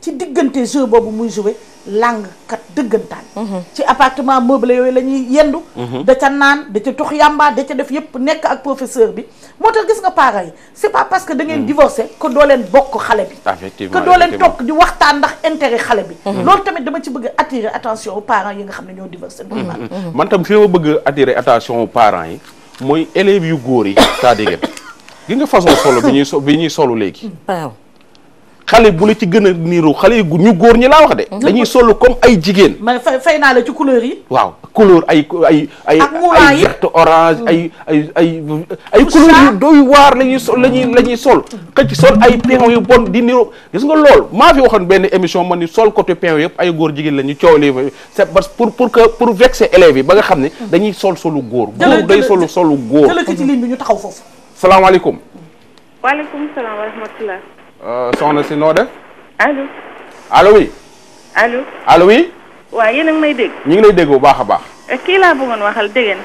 ci diggante jeu boobu muy joué làng kat dëggantaan. Mhm. ci appartement meublé yooyu la ñuy yendu. Mhm. da ca naan da ca tux yàmba da ca def yëpp nekk ak professeur bi moo tax gis nga parents yi c' est pas parce que da ngeen mhm. divorcé que doo leen bokk xale bi. effectivement que doo leen toog di waxtaan ndax intérêt xale bi. loolu tamit dama ci bëgg a attention aux parents yi nga xam ne ñoo divorcé. man tam fi ma bëgg a attention aux parents yi mooy élèves yu góor yi. taa dégg gi nga façon solo bi ñuy so ñuy solo léegi. xale bu la ci gën a niiru xale yu ñu góor ñi laa wax de. Mm-hmm. dañuy solu comme ay jigéen. mais fay naa la ci couleur yi. waaw couleur ay ay ay. ay verte orange ay ay ay. ay couleur yu doy waar la ñuy sol la ñuy la ñuy sol. xëcc sol ay peau yu bon di niiru gis nga lool maa fi waxoon benn émission man ni sol côté peau yëpp ay góor jigéen la ñu coow lii c'est parce pour pour que pour vexer élèves yi ba nga xam ne. Mm-hmm. dañuy sol solu góor. góor day solu solu góor. jëlee ci ligne bi ñu taxaw foofu. salaamaaleykum. Euh, soxna si noo def. allo. alo oui. allo. allo oui. waaw yéen may dégg. ñu ngi lay dégg bu baax a baax. Euh, kii laa bëggoon waxal dégg ngeen.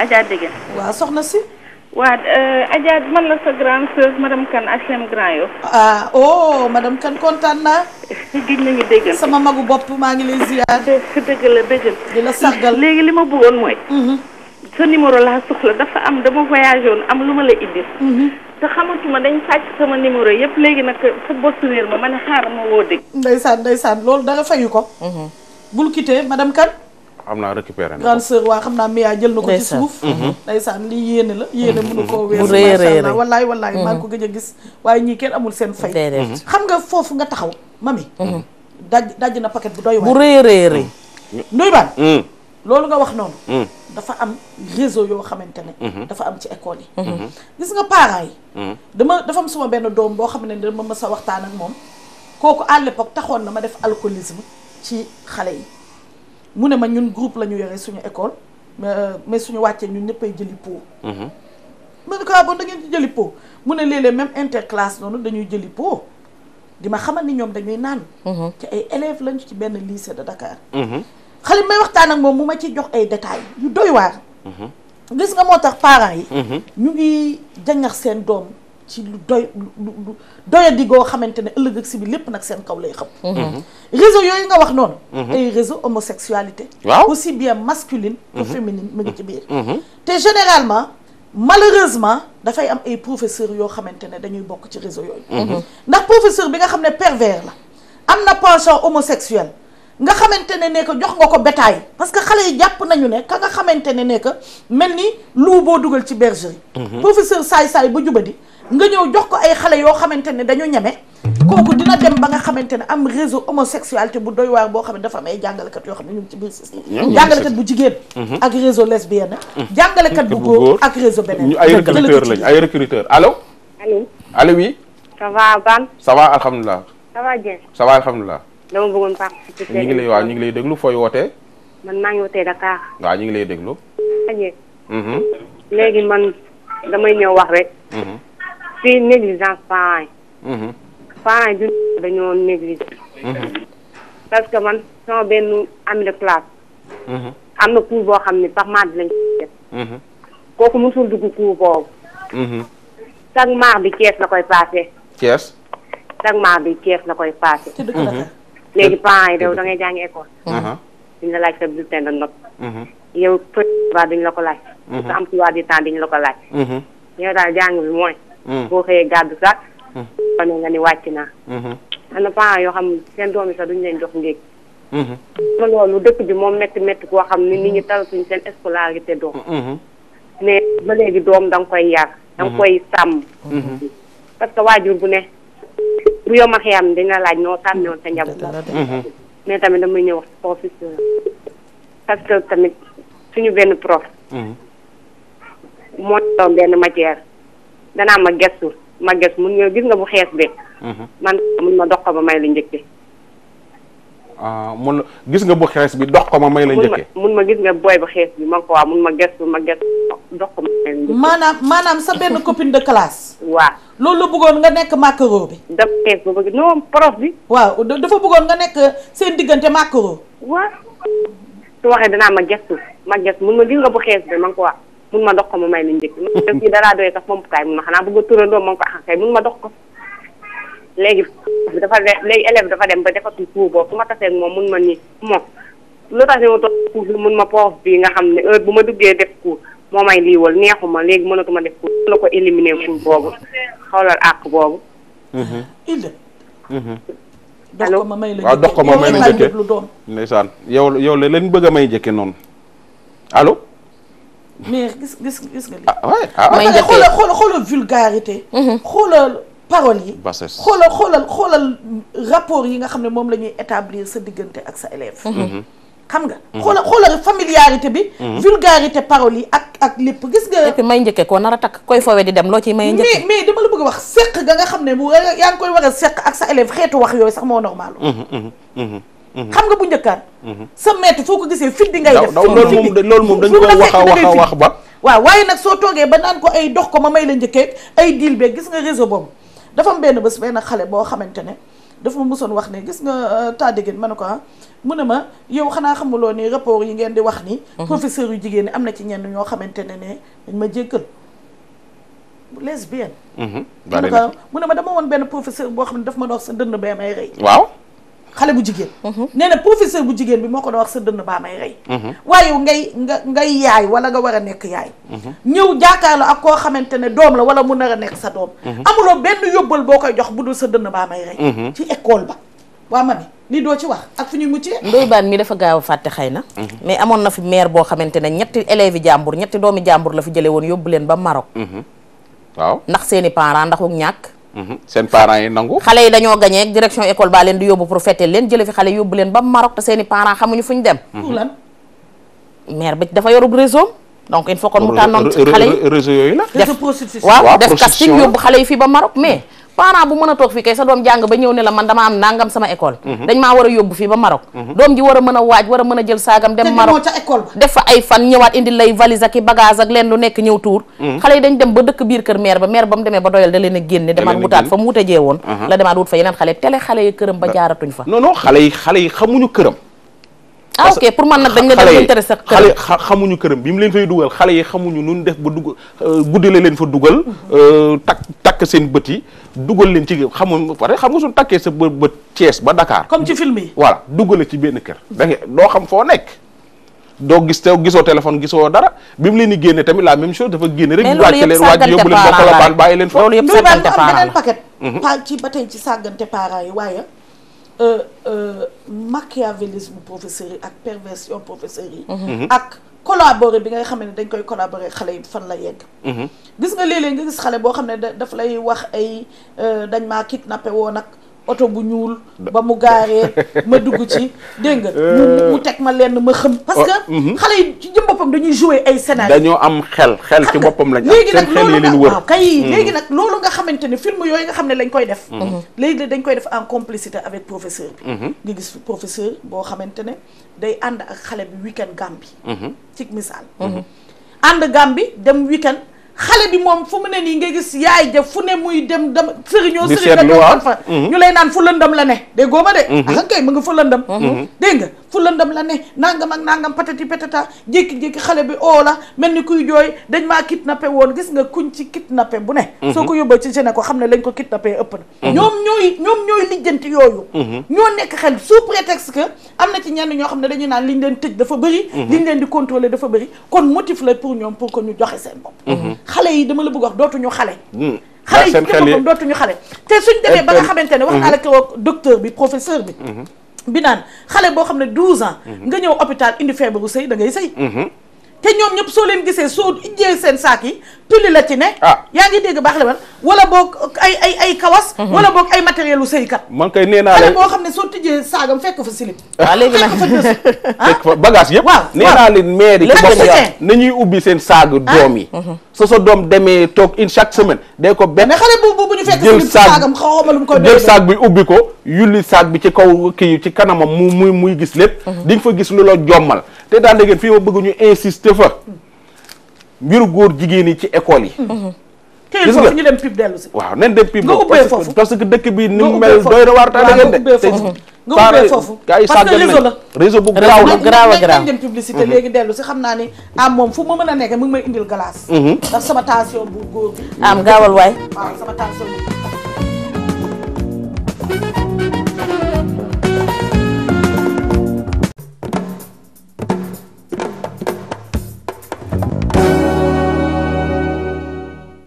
Adja dégg waaw soxna si. waa euh, ajaat man la sa grande sœur madame Kane HLM Grand Yoff. ah ma oh, madame Kane kontaan naa. gis ngi déggal sama magu bopp maa ngi lay ziar. dëgg la dëggal. di sargal léegi li ma bëggoon mooy. Mhm. sa numéro laa soxla dafa am dama voyagé am lu ma la indil. Mhm. te xamatuma dañ sàcc sama numéro yëpp léegi nag sa bopp réer ma ma ne xaaral ma woo dégg. ndeysaan ndeysaan loolu dara fayu ko. Mhm. bul quitté madame xam naa récupéré na grande sœur waa xam naa Mia jël na ko ci suuf. Mhm. ndeysaan li yéene la yéene mhm. mënu koo weesu. bu rëy rëy rek wallaay wallaay maa ngi ko gëj a gis waaye ñii kenn amul seen fay. xam nga foofu nga taxaw mami. daj na paquet bu doy bu rëy loolu nga wax noonu. Hmm. dafa am réseau yoo xamante ne. Hmm. dafa am ci école yi. Hmm. gis nga parents yi. dama defam am suma benn doom boo xam ne dama mës a waxtaan ak moom kooku à l'époque taxoon na ma def alcoolisme ci xale yi mu ne ma ñun groupe la ñu yore suñu école mais euh, suñu wàccee ñun ñëppay jëli pot. ma ne ko ah bon da ngeen jëli pot mu ne léeg-léeg même noonu dañuy jëli pot. di ma xamal ni ñoom dañuy naan. ci ay élèves lañu ci benn lycée de dakaar xale may waxtaan ak moom mu ma ci jox ay détails yu doy waar. gis nga moo tax parents yi. Mhm. ñu ngi jàngax seen doom ci lu doy lu doyadi goo xamante ne ëllëg ak si bi lépp nag seen kaw lay xam. Mhm. réseau yooyu nga wax noonu. Mhm. ay réseau homosexualité. waaw aussi bien masculine que féminine mu ngi ci biir. te généralement. malheureusement dafay am ay professeurs yoo xamante ne dañuy bokk ci réseau yooyu. ndax professeur bi nga xam ne pervers la am na penchant homosexuel. nga xamante ne nekk jox nga ko bétail parce que xale yi jàpp nañu ne ka nga xamante ne ne que mel ni lu boo dugal ci bergerie mhm. professeur saay-saay ba di nga ñëw jox ko ay xale yoo xamante ne dañu ñeme kooku dina dem ba nga xamante ne am réseau homosexualité bu doy waar boo xam ne dafa am ay jàngalekat yoo xam ne ñu ci biir système jàngalekat bu jigéen mhm. ak réseau lesbienne mhm. jàngalekat bu góor ak réseau beneen ñu ay recruteur lañ ay recruteur allo allo allo oui ça dama bëggoon participer. ñu ngi lay waaw ñu ngi lay déglu fooy wootee. man maa ngi wootee Dakar. waaw ñu ngi lay déglu. Mm-hmm. léegi man damay ñëw wax rek. ci mm-hmm. négligence parents yi. Mm-hmm. parents yi du dañoo négligé. parce que man sama benn ami de classe. am na cours boo xam ne par mardi lañ koy def. kooku mosul dugg cours boobu. chaque mardi Thiès la koy passé. Thiès. chaque mardi Thiès la koy passé. léegi parents yi daw da ngay jàngi école. duñ la laaj sa bulletin de note. yow peu de duñ la ko laaj. sa emploi du temps duñ la ko laaj. yow daal jàng bi mooy. boo xëyee gàddu sax. ba nga ni wàcc naa. am na parents yoo xam seen doom yi sax duñ leen jox ndéeg. te loolu dëkk bi moom métti métti koo xam ni nit ñi talatuñ seen scolarité doom. mais ba léegi doom da nga koy yar. da nga koy sàmm. parce que waajur bu ne. bu yomb a dina laaj noo sàmmee woon sa njaboot. Mhm. mais tamit damay ñëw wax foofu tamit suñu benn prof. Mhm. moo doon benn matière danaa ma gestu ma gestu mun nga gis nga bu xees be. Mhm. man mun ma dox ba may lu njëkk. Ah, mun gis nga bu xees bi dox ko ma may la njëkkee. mun ma gis nga booy bu xees bi ma ko waa mun ma gëstu ma gëstu dox ko ma de classe. waaw loolu la bëggoon nga nekk maquereau bi. daf xees ba bëgg bëggoon nga nekk seen diggante maquereau. waaw. su waxee ma gëstu ma mun ma gis nga bu xees bi ma ko waa mun ma dox ko ma may la njëkk. ma def ci dara doy sax moom kay mun ma ma mun ma dox ko léegi. dafa ne léegi élève dafa dem ba defatul cours boobu fu ma tasee ak moom mun ma ni moom lu tax ne ma toog cours bi mun ma prof bi nga xam ne bu ma duggee def cours moo may lii wal neexuma léegi mënatuma def cours la ko éliminer cours boobu xoolal àq boobu. Mhm. Ida. Mhm. dox ko ma may la waaw dox ko ma may la njëkkee ndeysaan yow yow la leen bëgg a may njëkkee noonu allo. mais gis gis gis nga lii. ah waay ah, ah xoolal xoolal vulgarité. Mhm. xoolal. parole yi. xoolal xoolal xoolal rapport yi nga xam ne moom la ñuy établir sa diggante ak sa élève. Mhm. Mhm. xam nga. Mhm. xoolal xoolal familiarité bi. vulgarité parole yi ak ak lépp gis nga. et puis may njëkkee loo ciy may. njëkkee mais mais dama la bëgg a wax ga bu yaa a seq sa élève ko gisee fit di ngay def. loolu moom dañu ko wax a wax toogee ba naan ko ay ma may la njëkkee gis nga réseau boobu. dafa am benn bés benn xale boo xamante ne daf ma mosoon wax ne gis nga euh, tàddigin ma ne ko ah mu ne ma yow xanaa xamuloo ni rapport yi ngeen di wax nii mhm. professeur yu jigéen ñi am na ci ñenn ñoo xamante ne ne dañ ma jéggal lesbienne mhm. ah, mu ne ma dama woon benn professeur boo xam ne daf ma dox sa dënd bee may rey waaw xale bu jigéen mhm. nee na professeur bu jigéen bi moo ko doon wax sa dënn baa may rey mhm. waaye ngay nga ngay yaay wala nga war a nekk yaay mhm. ñëw jaakaarloo ak koo xamante ne doom la wala mu nar nekk sa doom amuloo benn yóbbal boo koy jox bu dul sa dënn baa may rey ci école ba waa mami li doo ci wax ak fu ñuy muccee ndoyu baan mi dafa gaaw a fàtte xëy na mais amoon na fi maire boo xamante ne ñetti élèves yi jàmbur ñetti doomi jàmbur la fi jële woon yóbbu leen ba Maroc waaw ndax seeni parents ndax ak ñàkk Mhm. seen parents yi nangu xale yi dañoo gañee direction école baa leen di yóbbu pour feteel leen jële fi xale yóbbu leen ba Maroc te seen i parents xamuñu fuñ dem mhm. lan maire ba dafa yorub réseau donc il faut kon mu tànnoon xale yi réseau yooyu la def waaw def casting yóbbu xale yi fii ba Maroc mais parent bu mën a toog fii kay sa doom jàng ba ñëw ne la man dama am nangam sama école mhm. dañ maa war a yóbbu fii ba Maroc mhm. doom ji war a mën a waaj war a mën a jël saagam dem Maroc ca école def fa ay fan ñëwaat indi lay valise ak i bagage ak leen lu nekk ñëw tuur mhm. xale yi dañ dem ba dëkk biir kër maire ba maire ba mu demee ba doyal da leen a génne demaat wutaat fa mu wutajee woon la demaat wut fa yeneen xale fa non non xale yi xale yi xamuñu këram ah ok pour man nag dañ la dem intéressé a xamuñu këram bi mu leen fay dugal xale yi xamuñu nun def ba dugg euh, guddi la leen fa dugal mm-hmm. euh, takk takk seen bët yi dugal leen ci xamuñ pare xam nga suñ takkee sa bët ba ba Dakar comme ci film yi voilà dugale ci benn kër da nga doo xam foo nekk doo gis te gisoo téléphone gisoo dara bi mu leen di génne tamit la même chose dafa génne rek wàcce leen wàcc yóbbu leen bokk la bàyyi leen fa loolu yëpp sàggante parent la beneen paquet mm-hmm. ci yi waaye Euh, euh, machiavélisme professeurs yi ak perversion professeurs yi mhm. Mhm. ak collaborer bi ngay xam ne dañ koy collaborer xale yi fan la yegg mhm. gis nga léeg-léeg nga gis xale boo xam ne daf lay wax ay euh, dañ maa kidnappé woon ak oto bu ñuul ba mu gaaree ma dugg ci dégg nga euh. mu teg ma lenn ma xëm parce oh, que mm-hmm. xale yi ci jëm boppam dañuy jouer ay scénario dañoo am xel xel ci boppam lañ léegi nag xel yi leen wër kay mm-hmm. léegi nag loolu nga xamante ne film yooyu nga xam ne lañ koy def mm-hmm. léegi dañ koy def en complicité avec professeur bi nga gis professeur boo xamante ne day ànd ak xale bi weekend Gambie ci misaal ànd Gambie dem weekend xale bi moom fu mu ne nii nga gis yaay ja fu ne muy dem dem sëriñoo sëriñ nga fa mhm. ñu lay naan fu lëndam la ne dégg nga ma de mhm. ak ah, kay mu nga fu lëndam mhm. dégg nga fu lëndam la ne nangam ak nangam patati patata jékki-jékki xale bi oo la mel ni kuy jooy dañ maa kidnappé woon gis nga kuñ ci kidnappé bu ne soo ko yóbboo ci gene ko xam ne lañ ko kidnappé ëpp na ñoom ñooy ñoom ñooy lijjanti yooyu ñoo nekk xel sous prétexte que am na ci ñenn ñoo xam ne dañuy naan li leen tëj dafa bëri liñ leen di contrôler dafa bëri kon motif pour ñoom pour que ñu joxe seen xale yi dama la bëgg wax dootuñu xale hmm. xale yi ci boppam dootuñu xale te suñ demee ba nga xamante ne wax naa la hmm. ko docteur bi professeur bi hmm. bi naan xale boo xam ne douze ans nga ñëw hôpital indi feebaru sëy da ngay sëy te ñoom ñëpp soo leen gisee soo ijjee seen saak yi tulli la ci ne ah. yaa ngi dégg baax la wala boog ay ay ay kawas mhm. wala boog ay matériel u sëykat man kay nee naa la boo xam ne soo tijjee saagam fekk fa silip waaw ah, léegi fekk fa bagage yëpp waaw nee naa leen maire yi bopp nañuy ubbi seen saagu ah. doom yi mhm. so sa doom demee toog une chaque semaine de ko benn mais xale bu bu ñu fekk silip saagam xawma lu mu saag bi ubbi ko yulli saag bi ci kaw kii ci kanamam mu muy muy gis lépp mhm. di nga gis lu la jommal te daal léegi fii ma bëgg ñu insister fa mbiru góor jigéen yi ci école yi. gis nga ñu dem pib si. waaw nañ dem pib foofu parce que dëkk bi ni mu mel doy na waar taal de. nga ubbee foofu parce que réseau la réseau bu garaaw la garaaw a garaaw dem publicité léegi dellu si xam naa ni moom a nekk mu ngi may indil glace. Mhm. sama tension bu góor am gaawal waay. waaw sama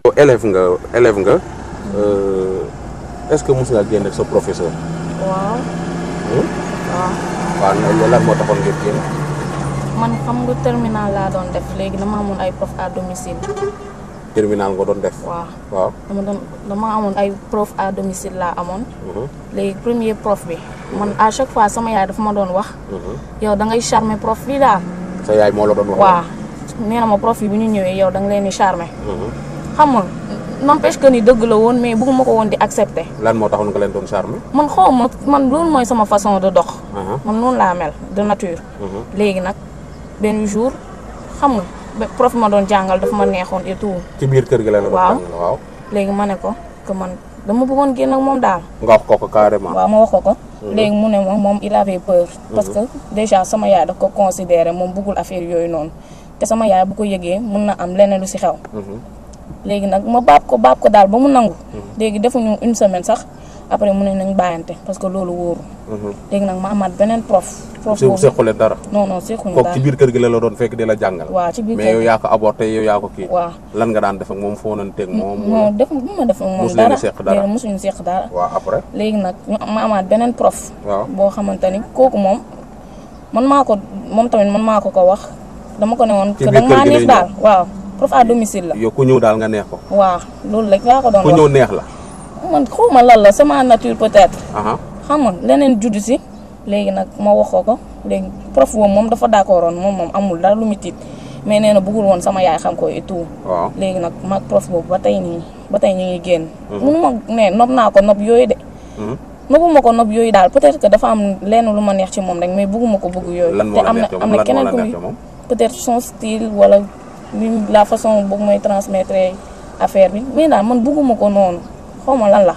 ko nga élève nga euh, est-ce que mos nga génn ak professeur. waaw. Hmm? waaw. waaw lan moo taxoon ngeen génn. man xam nga terminal laa doon def léegi dama amoon ay prof à domicile. terminal nga doon def. waaw dama amoon ay prof à domicile laa amoon. Mm-hmm. léegi premier prof bi. man à chaque fois sama yaay dafa ma doon wax. Mm-hmm. yow da ngay charmer prof bi daal. sa yaay moo la doon wax. waaw nee na prof yi bu ñu ñëwee yow da leen di xam nga n'empêche que ni dëgg la woon mais bëgguma ko woon di accepter. lan moo taxoon nga leen doon charmer. man xaw ma man loolu mooy sama façon de dox. Uh-huh. man noonu laa mel de nature. Uh-huh. léegi nag benn jour xam nga ba prof ma doon jàngal dafa ma neexoon et ci biir kër gi la la doon waaw léegi ma ne ko que man dama bëggoon génn ak moom daal. nga wax ko ko carrément. waaw ma wax ko ko. Uh-huh. léegi mu ne ma moom il avait peur. parce que déjà sama yaay daf ko considéré moom bëggul affaire yooyu noonu te sama yaay bu ko yëgee mën na am leneen lu si xew. léegi nag ma baab ko baab ko daal ba mu nangu. Mm-hmm. léegi defuñu une semaine sax après mu ne nañ bàyyante parce que loolu wóoru. Mm-hmm. léegi nag ma amaat beneen prof. prof boobu sequle dara. non non sequñu ci biir kër gi la la doon fekk di la jàngal. waaw ci biir kër gi mais yow nga daan def ak moom foo nañ teg moom. non def bu ma def ak moom dara mosuñu seq dara waaw après. léegi nag ma amaat beneen prof. waaw boo xamante ni kooku moom man maa ko moom tamit man maa ko ko wax dama ko ne woon. ci biir kër gi lay ñëw que daal waaw prof à domicile la. yow ku ñëw daal nga neex ko. waaw loolu rek laa ko doon wax ku ñëw neex la. man xaw ma lan la sama nature peut-être. xam nga leneen juddu si léegi nag ma waxoo ko léegi prof moom dafa d'accord moom moom amul dara lu mu tiit mais nee na bëggul woon sama yaay xam ko et tout. nag maag prof boobu tey nii ba tey ñu ngi génn. Mhm. ma ne nopp naa ko nopp yooyu de. Mhm. noppuma ko nopp yooyu daal peut-être que dafa am lenn lu ma neex ci moom rek mais bëgguma ko bëgg yooyu. te am na am na keneen ku peut-être son style wala. ni la façon boog mooy transmettre affaire bi mais daal man bugguma ko noonu xaw ma lan la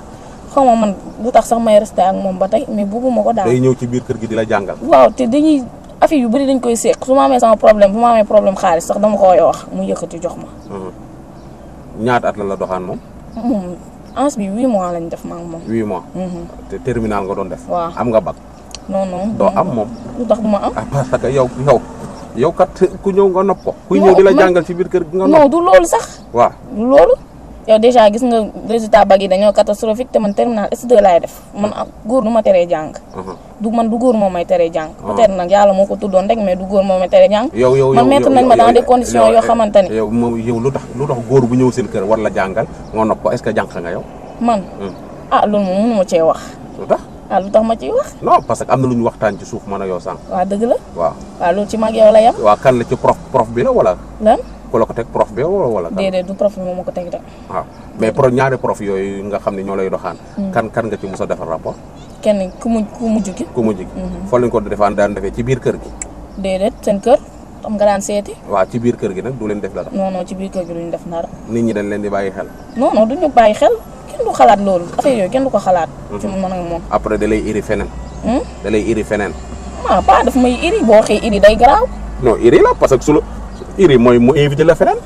xaw ma man bu tax sax may resté ak moom ba tey mais bugguma ko daal. day ñëw ci biir kër gi di la jàngal. waaw te dañuy affaire yu bëri dañ koy seq su ma amee sama problème bu ma amee problème xaalis sax dama ko koy wax mu yëkkati jox ma. Mm-hmm. ñaata at la la doxaan moom. moom mm-hmm. ans bi huit mois lañ def ma moom. huit mois. Mm-hmm. te terminal nga doon def. waaw am nga bac. non non doo am moom. lu tax du ma am. Ah, parce que yow yow. yow kat ku ñëw nga nopp ko. kuy ñëw di la jàngal ci biir kër gi nga nopp non du loolu sax. waaw du loolu. yow gis nga résultat bag yi dañoo catastrophique te man terminal S2 def man góor du ma teree jàng. Mhm. du man du góor moom may teree jàng. Mhm. peut-être nag yàlla moo ko tuddoon rek mais du góor moom may teree jàng. yow yow man mettre xamante ne. yow moom yow lu tax lu tax góor seen kër war la jàngal nga nopp ko est-ce que jànq nga yow. man mhm. ah loolu moom mënu ma cee wax. ah lu tax ma ciy wax. non parce que am na lu ñu waxtaan ci suuf mën a yow sànq. dëgg la. waaw waaw loolu ci mag yow la yam. waaw kan la ci prof prof bi la wala. lan ku la ko teg prof bi wala moom moo teg de. waaw hmm. a defar rapport. kenn ku mujj ku mujj gi. ku mujj gi. Hmm. fa lañ ko defaan daan defee ci biir kër gi. déedéet seen kër. xam nga daan seeti. waaw ci biir kër gi nag du leen def dara. non ci biir kër gi duñ def dara. nit ñi dañ leen di bàyyi xel. non non duñu bàyyi xel kenn du xalaat loolu affaire yooyu kenn du ko xalaat. ci mm-hmm. man ak moom. après da lay iri feneen. Hmm? da lay iri feneen. ah pas daf may iri boo waxee iri day garaaw. non iri la parce que su la iri mooy mu invité la feneen.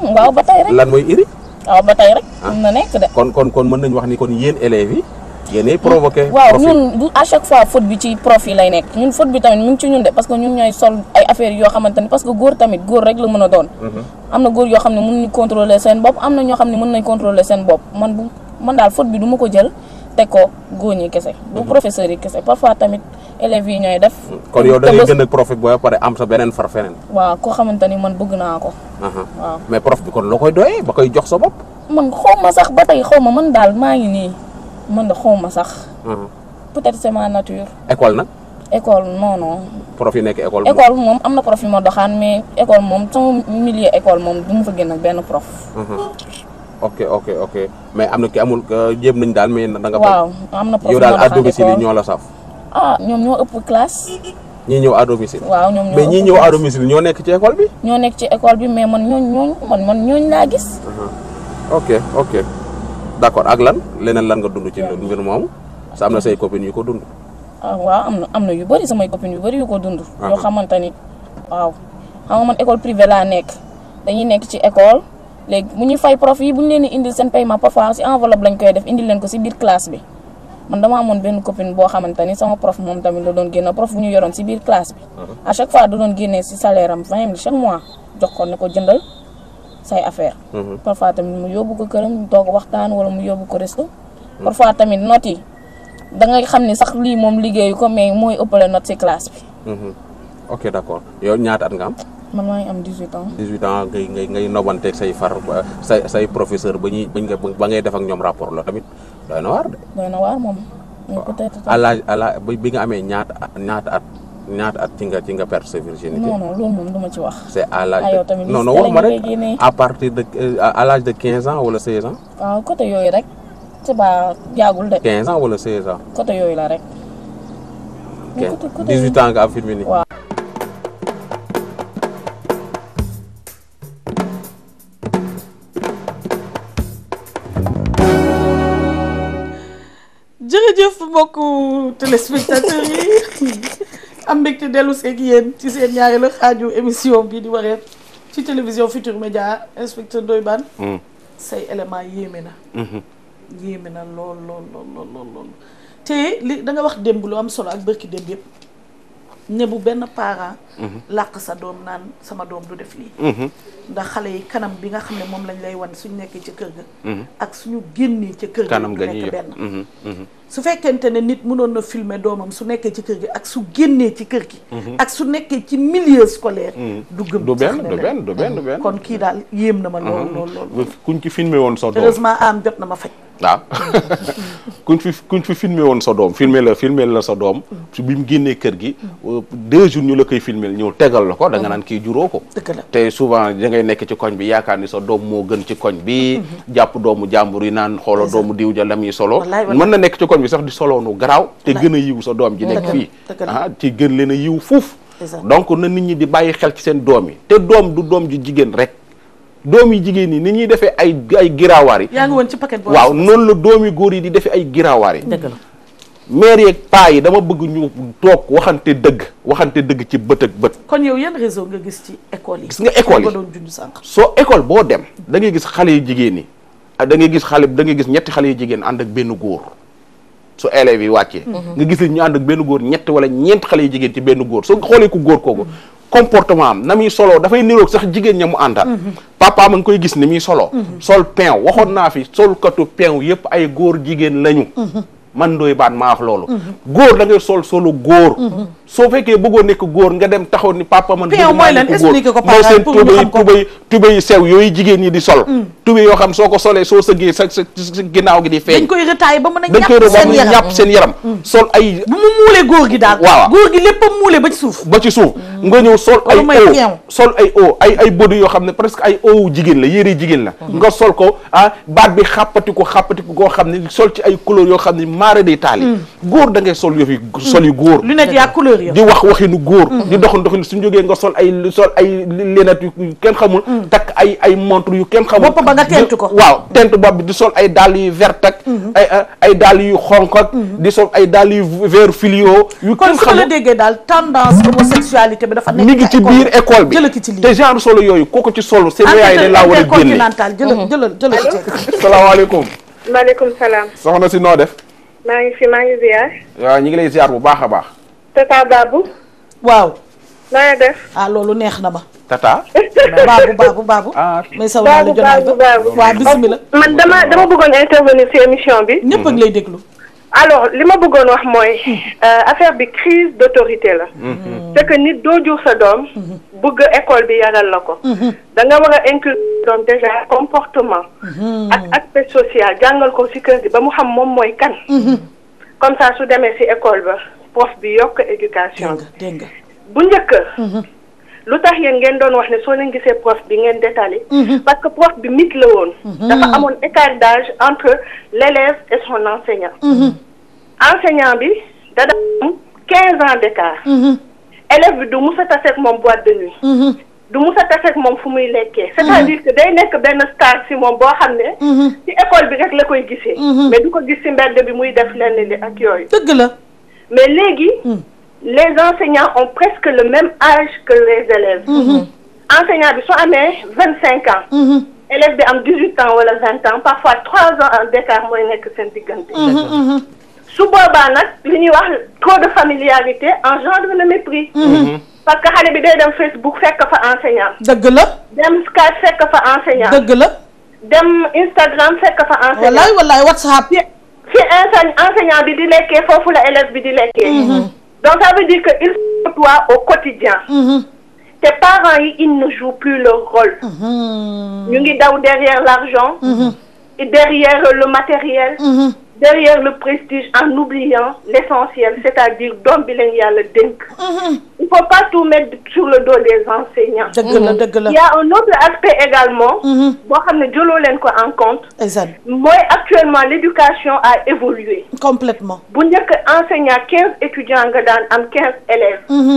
Hmm, waaw ba tey rek lan mooy iri. waaw ba tey rek. Ah. mën na nekk de. kon kon kon mën nañu wax ni kon yéen éleve yi. yéenay provoqué. waaw ñun yi lay nekk ñun faute bi tamit mu ngi ci ñun de parce que ñun ñooy sol ay affaires yoo xamante parce que góor tamit góor rek la mën a doon. Mhm. am na góor yoo xam ne mën nañu contrôler seen bopp am na ñoo xam ne mën nañ contrôler seen bopp man daal faute bi du ko jël teg ko góor ñi kese. du mhm. professeur yi kese parfois tamit élèves yi ñooy def. kon yow da gën a prof booy pare am sa beneen far feneen. waaw koo xamante man bëgg mën na xaw ma sax. Mhm. peut-être c'est nature. école nag. école non non. prof nekk école. école moom am na prof yu ma doxaan mais école moom sama milieu école moom du ma fa génn benn prof. Mhm. ok ok ok mais am na ki amul euh, jéem nañ daal mais. da nga waaw am na prof yow daal à domicile ñoo la saf. ah ñoom ñoo ëpp classe. ñii ñëw à domicile. ñoom ñoo mais ñii ñëw à domicile ñoo nekk ci école ñoo nekk ci école bi mais man ñooñ ñooñ man man ñooñ laa gis. Mhm. ok ok. d' ak lan leneen lan nga dund ci mbir moomu sa am na say copines yu ko dund. ah waaw am na am na yu bëri samay copines yu bëri yu ko dund. Ah. yoo xamante ni waaw. xam nga man école privée laa nekk dañuy nekk ci école léegi mu ñuy fay prof yi bu ñu leen di indil seen paiement parfois si enveloppe lañ koy def indil leen ko si biir classe bi man dama amoon benn copine boo xamante ni sama prof moom tamit la doon génne prof bu ñu yoroon si biir classe bi. Ah. à chaque fois d doon génnee si salaire am vingt mois jox ko ne ko jëndal. say affaire mhm. parfois tamit mu yóbbu ko këram toog waxtaan wala mu yóbbu ko resto parfois tamit notes yi da ngay xam ne sax lii moom liggéey ko mais mooy ëppale note si classe bi mhm. ok d' accord yow ñaata at nga am man maa ngi am 18 ans. 18 ans ngay ngay ngay nobanteeg say far say say professeur ba ñuy bañ nga ba ngay def ak ñoom rapport la tamit doy na waar de. doy na waar moom. bi nga amee ñaata ñaata at. ñaata at ci nga ci nga perte loolu moom du ci wax. c'est à l'âge de non wax ma rek à partir de euh, à l'âge de 15 ans wala 16 ans. waaw ah, côté yooyu rek c'est pas jaagul de. 15 ans wala 16 ans. côté yooyu la rek. côté côté ans nga am filmé nii. waaw. jërëjëf mbokku am mbégte dellu seeg yéen ci seen ñaareelu xaaju émission bii di wareef ci télévision Futur Média inspecteur doy Bane mm. say élément yéeme na mm-hmm. yéeme na lool lool lool lool lool te li danga wax démb lu am solo ak bërki démb yëpp ne bu benn parent mm-hmm. làq sa doom naan sama doom du def lii mm-hmm. ndax xale yi kanam bi nga xam ne moom lañ lay wan suñ nekkee ca kër ga ak suñu génnee ca kër ga nekk benn su fekkente ne nit mënoon na filmer doomam su nekkee ci kër gi ak su génnee ci kër gi. Mhm. ak su nekkee ci milieu scolaire. Mhm. du gëm du benn du benn du benn kon kii daal yéem na ma lool mhm. lool kuñ ci filmer woon sa doom heureusement am jot na ma faj. waaw ah. kuñ fi kuñ fi filmer woon sa doom filmer la filmer la sa doom. bi mu génnee kër gi. Euh, deux jours ñu la koy filmer ñëw tegal la ko da nga naan kii juróo ko. te souvent da ngay nekk ci koñ bi yaakaar ni sa doom moo gën ci koñ bi. jàpp doomu jàmbur yi naan xoola doomu diw ja la muy solo. mën na nekk ci koñ doom sax di soloonu garaaw te gën a yiw sa doom ji nekk fii ah ci gën leen a yiw fuuf donc na nit ñi di bàyyi xel ci seen doom yi te doom du doom ji jigéen rek doom yi jigéen yi ni ñuy defee ay ay giraawaar yi yaa woon ci paquet waaw noonu la doom yi góor yi di defee ay giraawaar yi dëgg la maire paa yi dama bëgg ñu toog waxante dëgg waxante dëgg ci bët ak bët kon yow yan réseau nga gis ci école nga école yi doon sànq soo école boo dem dangay gis xale yu jigéen yi ah, da ngay gis xale da ngay gis ñetti xale yu jigéen ànd ak benn góor su élèves yi wàccee mhm. nga gis ñu ànd ak benn góor ñett wala ñeent xale yu jigéen ci benn góor soo xoolee góor kooku comportement am na muy solo dafay niroog sax jigéen ñamu mu àndal mhm. papa ma ngi koy gis ni muy solo mhm. sol pain waxoon naa fi solkatu pain yépp ay góor jigéen lañu man dooy baat maa wax loolu góor da ngay sol solu góor soo fekkee bëggoo nekk góor nga dem taxaw ni papa man bëgg naa nekk góor jigéen ñi di sol mm. tubéy yoo soo ko solee soo sëggee sa sa ginnaaw gi di feeñ dañ a ñàpp mm. góor gi daal waaw góor gi lépp ba ci suuf ba ci suuf mm. nga ñëw sol ay o sol o ay ay body yoo xam ne presque ay owu jigéen la yére jigéen la mm-hmm. nga sol ko ah, baat bi xàppati ko xàppati ko xam ne sol ci ay couleur yoo xam ne maara day taali góor da ngay sol yëf yi yu góor lu nekk yaa couleur di wax waxinu góor mm-hmm. di doxan doxinu suñ jógee nga sol ay sol ay lenat yu kenn xamul mm-hmm. takk ay ay montre yu kenn xamul bopp ba nga tent ko waaw tent bopp bi di sol ay dàll yu vert ak mm-hmm. ay ay dàll yu xonq ak di sol ay dàll yu vert filio yu kenn xamul kon su la déggee daal tendance homosexualité bi dafa nekk mi ngi ci biir école bi jël ci lii te genre solo yooyu kooku ci solo seen yaay ne laa war a génne jëlal jëlal jëlal salaamaaleykum maaleykum salaam soxna si noo def maa ngi fi ngi lay ziar bu baax a baax tata Babou. waaw. naa def. ah loolu neex na ba tata. Babou Babou Babou. ah may saw naa la jonaay ba waaw bismillah oh, man dama dama bëggoon intervenir ci émission bi. ñëpp ak lay déglu. alors li ma bëggoon wax mooy euh, affaire bi crise d'autorité la mm-hmm. Mm-hmm. c'est que nit doo jur sa doom mm-hmm. bëgg école bi yaral la ko da nga war a inculquer doom déjà comportement ak aspect social jàngal ko si kër gi ba mu xam moom mooy kan comme ça su demee ci école ba pof bi yokk éducation bi bu njëkk mhm. lu tax yéen ngeen doon wax ne soo leen gisee prof bi ngeen détaillé. Mhm. parce que prof bi nit la woon. Mhm. dafa amoon écart d'âge entre l'élève et son enseignant. enseignant bi da daa am quinze ans d'écart. élève bi du mus a taseeg moom boîte de nuit. du mus a taseeg moom fu muy lekkee. c'est-à-dire que day nekk benn star si moom boo xam ne. ci école bi rek la koy gisee. mais du ko gis si mbedd bi muy def lenn li ak yooyu. dëgg la. mais léegi. les on ont presque le même âge que les élèves. Mm-hmm. Mm-hmm. enseignant bi su amee vingt cinq ans. Mm-hmm. élève bi am dix huit ans wala vingt ans parfois trois ans d'écart mooy nekk seen diggante. su boobaa nag li ñuy wax trop de familiarité engendre le mépris. parce que xale bi day dem Facebook fekk fa enseignant. dëgg la. dem Skype fekk fa enseignant. dëgg la. dem Instagram fekk fa enseignant. wallaay wallaay WhatsApp. si enseigne enseignant bi di lekkee foofu la élève bi di lekkee mhm. donc ça veut dire que il faut toi au quotidien mhm. te parents yi ils ne jouent plus leur rôle mhm. ñu ngi daw derrière l'argent derrière le matériel derrière le prestige en oubliant l'essentiel, c'est-à-dire doom bi leen yàlla dénk. Mhm. il faut pas tout le dos des enseignants. dëgg la mhm. dëgg y a un autre aspect également. Mhm. boo xam ne jëloo leen ko en compte. exact mooy actuellement l'éducation a évolué. complètement bu njëkk enseignant quinze étudiants nga daan am quinze élèves. Mmh.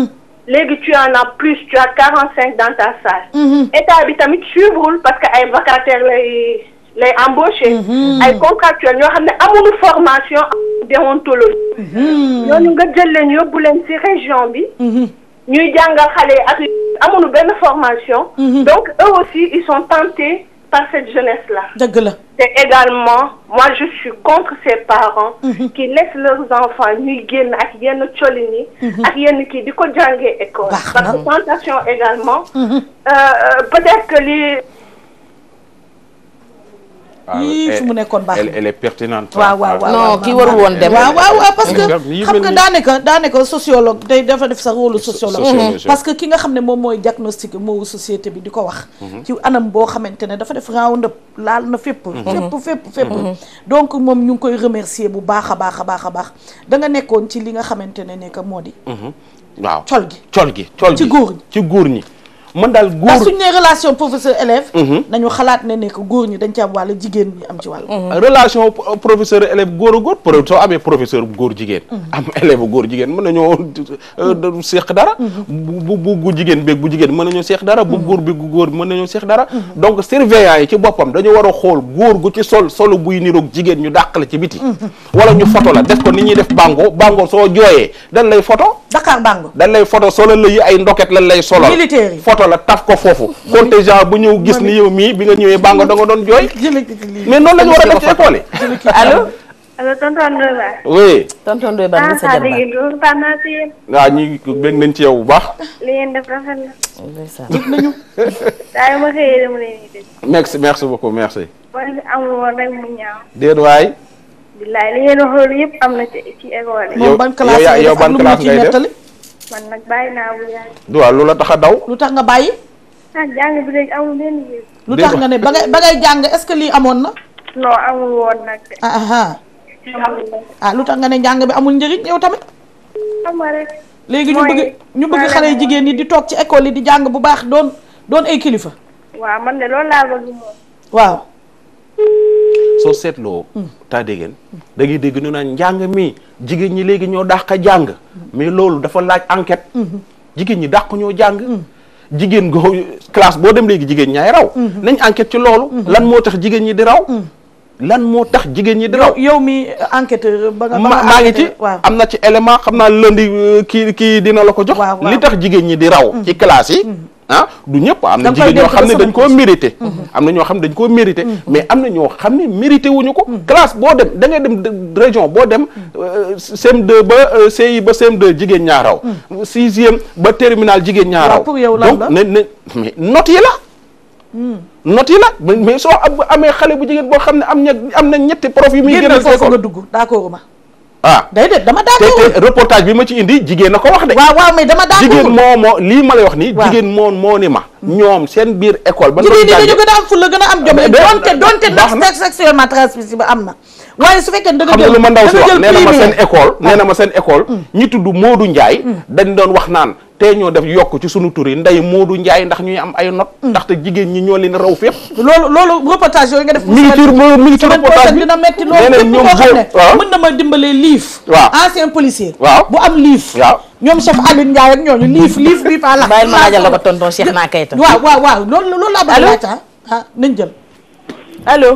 léegi tu en as plus tu as quarante cinq dans ta salle. état bi tamit suivre parce que ay vacataires lay. lay embaucher. Mhm. ay contractuels ñoo xam ne amuñu formation amuñu déontologie. Mhm. ñooñu nga jël leen yóbbu leen ci région bi. Mhm. ñuy jàngal xale yi ak benn formation. donc eux aussi ils sont tentés par cette jeunesse là. dëgg la te également moi je suis contre ces parents. qui laissent leurs enfants ñuy génn ak yenn colin ak yenn kii di ko jàngee école. parce que tentation également. Euh, euh, peut-être que li. Ah, yii fi mu nekkoon baax elle est waaw waaw waaw woon dem waaw waaw waaw parce que xam nga daanaka daanaka sociologue day dafa def sa rôle sociologue mhm. parce que ki nga xam ne moom mooy diagnostic moo société bi di ko wax mhm. ci anam boo xamante ne dafa def round up laal na fépp mhm. fépp fépp donc moom ñu ngi koy remercier bu baax a baax a baax a baax da nga nekkoon ci li nga xamante ne ne que moo di waaw col gi col gi col ci góor ñi ci góor ñi man daal góor suñ ne relation professeur élève mhm. nañu xalaat ne nekk góor ñi dañ ci am wàll jigéen ñi am ci wàll mhm. ah, relation professeur élève góor a góor soo amee professeur góor jigéen mhm. am élève góor jigéen mën nañoo euh, seeq dara bu bu jigéen beeg bu jigéen mën nañoo seex dara bu góor bi bu góor mën nañoo seex dara donc surveillant yi ci boppam dañu war a xool góor gu ci sol solo buy niroog jigéen ñu dàq la ci biti wala ñu photo la def ko ni ñuy def bàngoo bàngoo soo jooyee dañ lay photo Dakar bango dañ lay photo solo la yi ay ndoket lañ lay solal photo ko la taf ko foofu contingent bu ñëw gis ni yow mii bi nga ñëwee bàngo da nga doon jooy mais noonu la ñu war a nañ ci yow bu baax. li ngeen def rafet na. def nañu. saa yu ma xëyee dama leen di def. merci merci li amul woon rek mu am na ci école yi. yow yow ban classe ngay def. man nag bàyyi naa lu la tax a daw. lu tax nga bàyyi. ah jàng bi léegi lu tax nga ne ba ngay jàng est-ce que lii amoon na. woon nag. ah ah, ah. ah lu tax nga ne jàng bi amul njëriñ yow tamit. xam nga rek. léegi ñu bëgg ñu bëgg xale yu jigéen ñi di toog ci école yi di jàng bu baax doon doon ay kilifa. waaw man de waaw. soo seetloo taa dégg ngeen da ngay dégg ñu naan njàng mi jigéen ñi léegi ñoo dàq a jàng mais loolu dafa laaj enquête jigéen ñi dàq ñoo jàng jigéen go classe boo dem léegi jigéen ñaay raw nañ enquête ci loolu lan moo tax jigéen ñi di raw lan moo tax jigéen ñi di yow mi enquêteur ba nga maa am na ci élément xam naa lundi euh, kii kii dina la ko jox li tax jigéen ñi di raw ci classe yi mm-hmm. ah du ñëpp am na jigéen ñoo xam ne dañ koo mérité mhm. am na ñoo xam ne dañ koo mérité mhm. mais am na ñoo xam ne mérité wuñu ko mhm. classe boo dem da ngay dem région boo dem euh, CM2 ba euh, CI ba CM2 jigéen ñaaraw sixième ba terminal jigéen ñaaraw donc ne ne mais yi la hmm. note yi la mais soo amee xale bu jigéen boo xam ne am na am na ñetti prof yu muy génn a nga dugg d'accord ma ah déedéet dama d'accord te reportage bi ma ci indi jigéen na ko wax de. waaw waaw mais dama d'accord jigéen moo lii ma lay wax nii. jigéen moon moo ni ma. ñoom seen biir école. ba ñu doon jigéen ñi dañu gën a am fulla gën a am jom. donte donte ndax sexuellement transmissible am na. waaye su fekkee da nga jël xam ma ah. nee na ma seen école nee na ma seen école ñi tudd Modou Ndiaye hmm. dañ doon wax naan te ñoo def yokk ci sunu tur yi moo Modou Ndiaye ndax ñuy am ay not hmm. ndaxte jigéen ñi ñoo leen raw fépp loolu loolu reportage yooyu nga def mi ngi ci mi ngi ci reportage bi dina metti loolu nee na ñoom koo xam ne mën na ma dimbalee liif waaw ancien policier waaw bu am liif waaw ñoom chef Alioune Ndiaye ak ñooñu liif liif bi fa la bàyyi ma laajal la ko tonton Cheikh naa Keita waaw loolu loolu laa bëgg laajta ah. ah nañ jël allo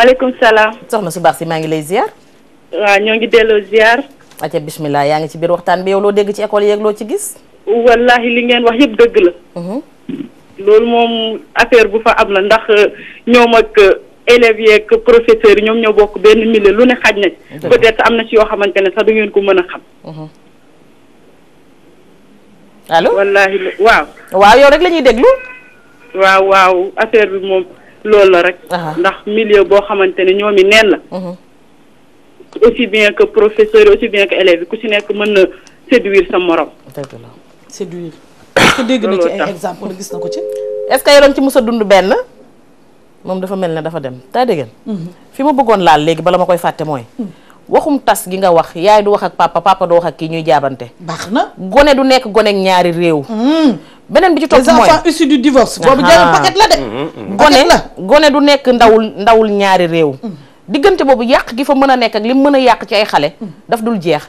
maaleykum salaam. soxna su baax si maa ngi lay ziar. waaw ñoo ngi delloo ziar. acca bismillah yaa ngi ci biir waxtaan bi yow loo dégg ci école yeeg loo ci gis. wallahi li ngeen wax yépp dëgg la. Mhm. loolu moom affaire bu fa am la ndax euh, ñoom ak euh, élèves yeeg yi ñoom ñoo bokk benn milieu lu ne xaj na ci. peut am na ci yoo xamante ne sax du ngeen ko mën a xam. Mhm. allo wallaahi waaw. waaw yow rek la ñuy déglu. waaw waaw affaire bi moom. loolu la rek. ndax milieu boo xamante ne ñoom yi neen la. Mhm. aussi bien que professeur aussi bien que élèves yi ku ci nekk mën na séduire sa morom. dëgg la séduire. est-ce que dégg na ci exemple gis na ko ci. est-ce que yoroon ci mos a dund benn. moom dafa mel ne dafa dem taa dégg mhm. fi ma bëggoon laal léegi bala ma koy fàtte mooy. Mhm. waxum tas gi nga wax yaay du wax ak papa papa du wax ak kii ñuy jaabante. baax na gone du nekk gone ak ñaari réew. beneen bi ci topp mooy les enfants issus du divorce. Ah, boobu jël paquet la de. Mm, mm, mm. paquet la gone gone du nekk ndawul ndawul ñaari réew. diggante boobu yàq gi fa mën a nekk ak li mën a yàq ci ay xale. daf dul jeex.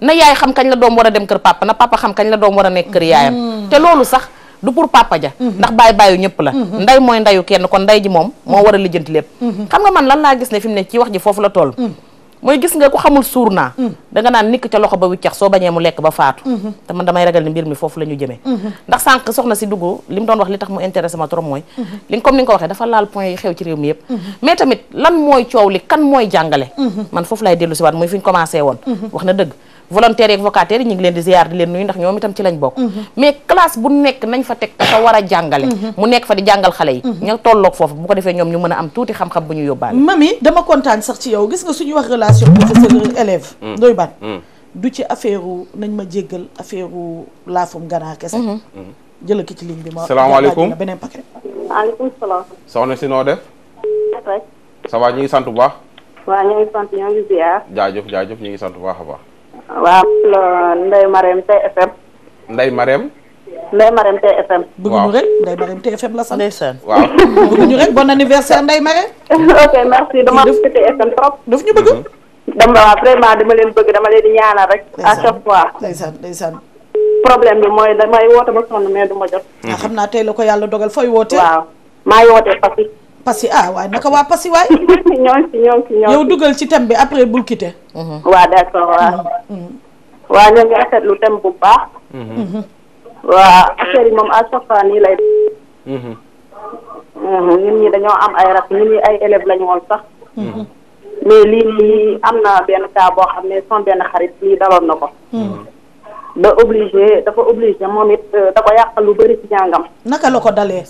na yaay xam kañ la doom war a dem kër papa na papa xam kañ la doom war a nekk kër yaayam. te loolu sax. du pour papa ja mm-hmm. ndax baay baayu ñëpp la mm-hmm. nday mooy ndayu kenn kon nday ji moom moo mm-hmm. war a lijjanti lépp xam nga man lan laa gis ne fi mu ne ci wax ji foofu la toll mooy gis nga ku xamul suur naa mm. danga naan nikk ca loxo ba wiccax soo bañee mu lekk ba faatu mm-hmm. te man damay ragal ni mbir mi foofu la ñu jëmee mm-hmm. ndax sànq soxna si dugg li mu doon wax li tax mu intéressé ma trop mooy mm-hmm. li comme ni nga ko waxee dafa laal point yi xew ci réew mi yëpp mais tamit lan mooy coow li kan mooy jàngale man foofu lay dellu si waat muy fi ñu commencé woon wax na dëgg volontaires yeeg vacataires yi ñu ngi leen di ziar leen nuyu ndax ñoom itam ci lañ bokk mhm. mais classe bu nekk nañ fa teg dafa war a jàngale mhm. mu nekk fa di jàngal xale yi mhm. ña tolloog foofu bu ko defee ñoom ñu mën a am tuuti xam-xam bu ñu yóbbaale mami dama kontaan sax ci yow gis nga suñu wax relation professeur élève doy ban du ci affaire nañ ma jéggal affaire laafum ganaar kese jëla ki ci ligne bi ma salaamaaleykum beneen paquet si noo def ñu ngi sant bu baax waaw ñu ngi sant ñoo ngi a baax waaw Ndeye Marème TFM. Ndeye Marème. Ndeye Marème TFM. waaw bëgguñu rek Ndeye Marème TFM la sax. ndeysaan waaw. bëgguñu rek bon anniversaire Ndeye Marème. ok merci dama bëgg TFM trop. daf ñu bëgg. Mhm. dama waaw vraiment dama leen bëgg dama leen di ñaanal rek. à chaque fois ndeysaan ndeysaan problème bi mooy damay woote ba sonn du ma jot. Ah, xam naa tey la ko yàlla dogal fooy woote. waaw maa ngi wootee Passy ah waaye naka waa Passy waay. ñoo si ñoo si ñoo yow dugal ci thème bi après bul mhm. waa d'accord waaw. Mhm, mhm. waa ñoo ngi rafetlu thème bu baax. waa affaire yi moom à chaque fois nii lay. ñun ñi dañoo am ay rab ñun ñi ay élèves lañu woon sax. mais lii nii am na benn cas xam ne son benn xarit lii daloon na ko. da obligé dafa obligé moom it euh, da ko yàqal lu bëri ci jàngam. naka la ko dalee.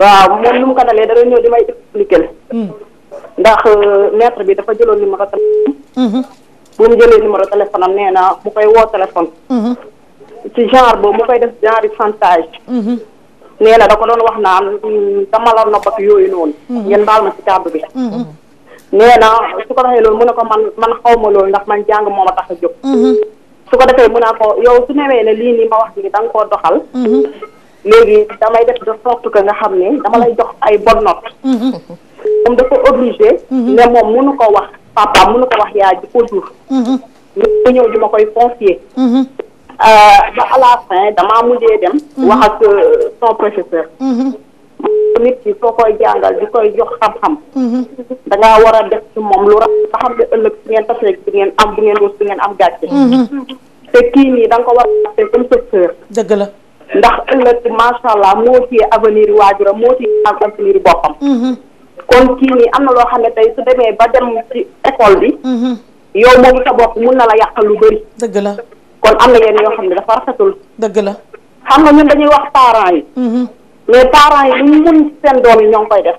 waaw moom nu mu ko dalee dara ñëw di may expliquer mm. ndax maître euh, bi dafa jëloon numéro téléphone mm-hmm. mu jëlee numéro téléphone am nee na mu koy woo téléphone mm-hmm. ci genre boobu mu koy def genre chantage mm-hmm. na da ko wax naan dama hmm, la nopp ak yooyu noonu ngeen baal ma ci kàddu bi nee na su ko waxee loolu mu ne ko man man xaw ma loolu ndax man jàng moom ma tax a jóg su ko defee mu ne ko yow su newee ne lii nii ma wax nii da nga doxal léegi damay def de sorte que nga xam ne dama lay jox ay bonnes notes. moom dafa obligé. ne moom mënu ko wax papa mënu ko wax yaay ji ko jur. nit ku ñëw di ma koy confier. Euh, ba à la fin damaa mujjee dem. wax ak euh, son professeur. nit ki soo koy jàngal di koy jox xam-xam. da ngaa war a def ci moom lu rafet ba xam ne ëllëg si ngeen tasee di ngeen am di ngeen wut ngeen am gàcce. Mhm. te kii nii da nga ko war a comme sa dëgg la. ndax ëllëg macha allah moo ci avenir waajuram moo ci am avenir boppam. Mm-hmm. kon kii nii am na loo xam ne tey su demee ba dem ci école bi. Mm-hmm. yow moom sa bopp mun na la yàqal lu bëri. dëgg la kon am na yenn yoo xam ne dafa rafetul. dëgg la xam nga ñun dañuy wax parents yi. Mm-hmm. mais parents yi lu mun seen doom yi ñoo ngi koy def.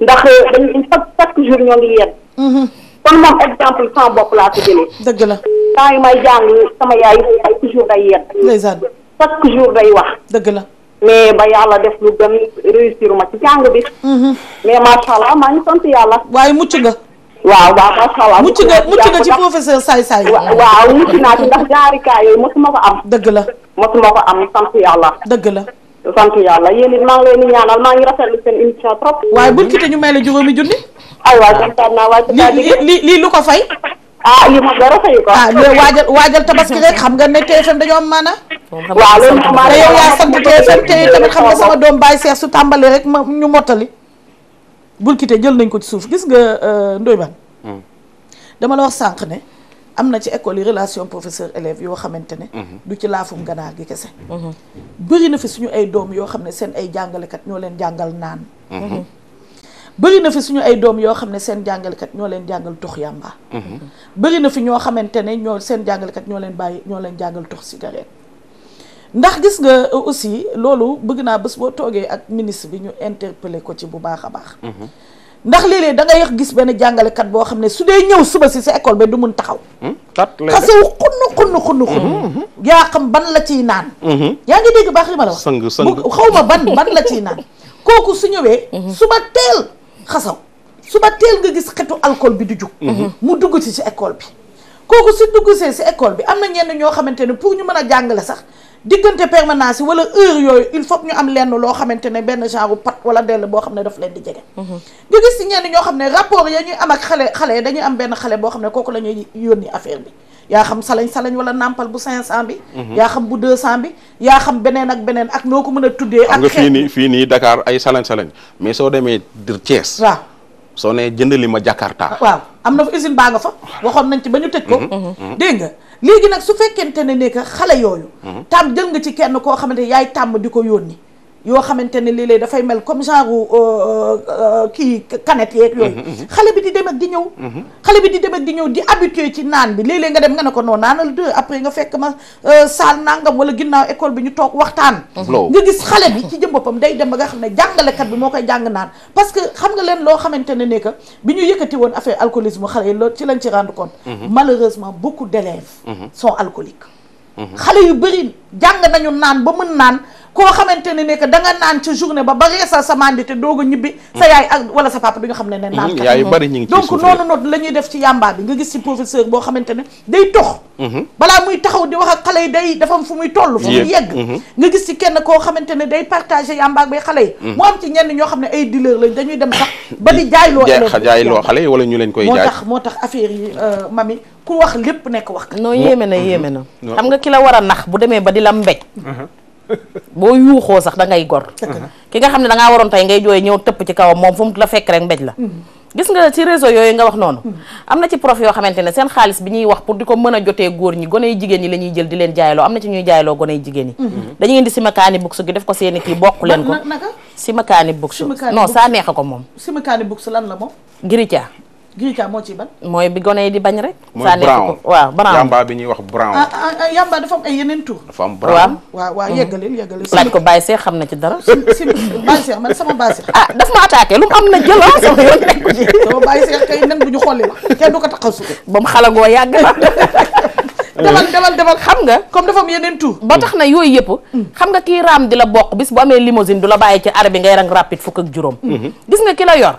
ndax euh, dañuy chaque chaque jour ñoo ngi yedd. kon moom exemple sans bopp laa ko jëlee. dëgg la temps yi may jàng sama yaay ay toujours day yedd. chaque jour day wax. dëgg la mais ba yàlla def lu gën réussir ma ci jàng bi. Mhm. mais macha allah maa ngi sant yàlla. waaye mucc nga. waaw waaw macha allah mucc nga mucc nga ci professeur Saay Saay. waaw mucc naa ci ndax ñaari cas yooyu mosuma ko am. dëgg la mosuma ko am sant yàlla. dëgg la. sant yàlla yéen it maa ngi leen di ñaanal maa ngi rafetlu seen émission trop. waaye bu ñu ñu may la juróomi junni. aywa sant naa waaye. lii lii lu ko fay. ah yu ma dara ah, waajal waajal tabaski rek xam nga ne TFM dañoo am maana. waaw loolu moom yaa sant TFM te tamit xam nga sama doom Baye Cheikh su tàmbalee rek ma ñu mottali. bul quitté jël nañ ko ci suuf gis nga euh, Ndoye Bane. Hmm. dama la wax sànq ne am na ci école yi relation professeur élève yoo xamante ne. Hmm. du ci laafum ganaar gi kese. Hmm. bëri na fi suñu ay doom yoo xam ne seen ay jàngalekat ñoo leen jàngal naan. bëri na fi suñu ay doom yoo xam ne seen jàngalekat ñoo leen jàngal tux yàmba mhm. bëri na fi ñoo xamante ne ñoo seen jàngalekat ñoo leen bàyyi ñoo leen jàngal tux cigarette ndax gis nga euh, aussi loolu bëgg naa bés boo toogee ak ministre bi ñu interpellé ko ci bu baax a baax mhm. ndax léeg-léeg da gis benn jàngalekat boo xam ne su dee ñëw suba si sa école be du mun taxaw hmm? xasewu xunnu xunnu xunnu xunnu mhm, yaa xam ban la ciy naan yaa ngi dégg baax li ma la wax xaw ma ban ban la ciy naan kooku su ñëwee xasaw suba teel nga gis xetu alcool bi du jug. Mhm. mu dugg ci ci école bi. kooku si dugg see si école bi am na ñenn ñoo xamante ne pour ñu mën a jàngale sax diggante permanence yi wala heure yooyu il faut ñu am lenn loo xamante ne benn genre pat wala dell boo xam ne daf leen di jege. Mhm. nga gis si ñenn ñoo xam ne rapport ya ñuy am ak xale xale dañuy am benn xale boo xam ne kooku la ñuy yónni affaire bi. yaa xam salañ salañ wala nàmpal bu 500 bi. Mhm. yaa xam bu 200 bi yaa xam beneen ak beneen ak noo ko mën a tuddee. ak xeet fii nii fii ay salañ salañ mais soo demee dir Thiès. waaw soo nee jëndali ma Jakarta. waaw am na fa usine baa nga fa. waxoom nañ ci ba ñu tëj ko. Mhm. Mhm. dénga léegi nag su fekkente ne ne que xale yooyu. tàmm jël nga ci kenn koo xamante yaay tàmm di ko yónni. yoo xamante ne léeg-léeg dafay mel comme genre euh, euh, kii canette yeeg yooyu mm-hmm, mm-hmm. xale bi di dem ak di ñëw mm-hmm. xale bi di dem ak di ñëw di habitué ci naan bi léeg-léeg nga dem nga ne ko non naanal deux après nga fekk ma euh, saal nangam wala ginnaaw école bi ñu toog waxtaan nga gis xale bi ci jëm boppam day dem ba nga xam ne jàngalekat bi moo koy jàng naan parce que xam nga leen loo xamante ne ne que bi ñu yëkkati woon affaire alcoolisme xale yi loolu ci lañ ci rendre compte malheureusement beaucoup d'élèves yu bëri jàng nañu naan ba mën naan koo xamante ne ne da nga naan ca journée ba ba reesal sa mandité doog a ñibbi sa yaay ak wala sa papa du xam ne ne naan mm-hmm. kat donc noonu noonu def ci yàmbaa bi nga gis ci professeur boo ne day tox mm-hmm. balaa muy taxaw di wax ak xale day dafa am fu muy toll mm-hmm. nga gis ci kenn koo xamante ne day partagé yàmbaak bay xale yi mu am ci ñenn ñoo xam ne ay dealer lañ dañuy dem sax ba di jaay loo jaay loo xale yi wala ñu leen koy jaay moo tax moo tax affaire yi euh, mami ku wax lépp nekk wax non yéeme na yéeme na xam nga ki la war a nax bu demee ba di la mbéj boo yuuxoo sax da ngay gor ki nga xam ne danga waroon tey ngay jooy ñëw tëpp ci kawam moom fu mu la fekk rek mbéj la mm-hmm. gis nga ci réseau yooyu nga wax noonu mm-hmm. am na ci prof yoo xamante ne seen xaalis bi ñuy wax pour di ko mën a jotee góor ñi gone yu jigéen ñi la ñuy jël di leen jaayloo am na ci ñuy jaayloo gone yu jigéen ñi mm-hmm. dañuy indi si makaani buks gi def ko seeni kii bokk leen ko si makaani buks non saa a ko moom si makaani buks lan la moom girica Girika moo ci ban. mooy bi gone yi di bañ rek. saa nekk ko waaw brown yamba bi ñuy wax brown. Ah, ah, ah, yamba dafa am ay yeneen tur. dafa am brown waaw waaw mm-hmm. yeggalil yeggalil. laaj ko Baye Seex xam na ci dara. si si Baye sama Baye Seex. ah daf ma attaqué am na jëla sama yoon nekku ñu xolli la kenn du ko taxaw suuf. ba mu xalangoo yàgg na. demal demal demal xam nga. comme dafa am yeneen tur. ba tax na yooyu yëpp. Mm. xam nga kii raam di la bokk bis bu amee limousine du la bàyyi ci arrêt bi ngay rang rapide fukk ak juróom. Mm-hmm. gis nga ki la yor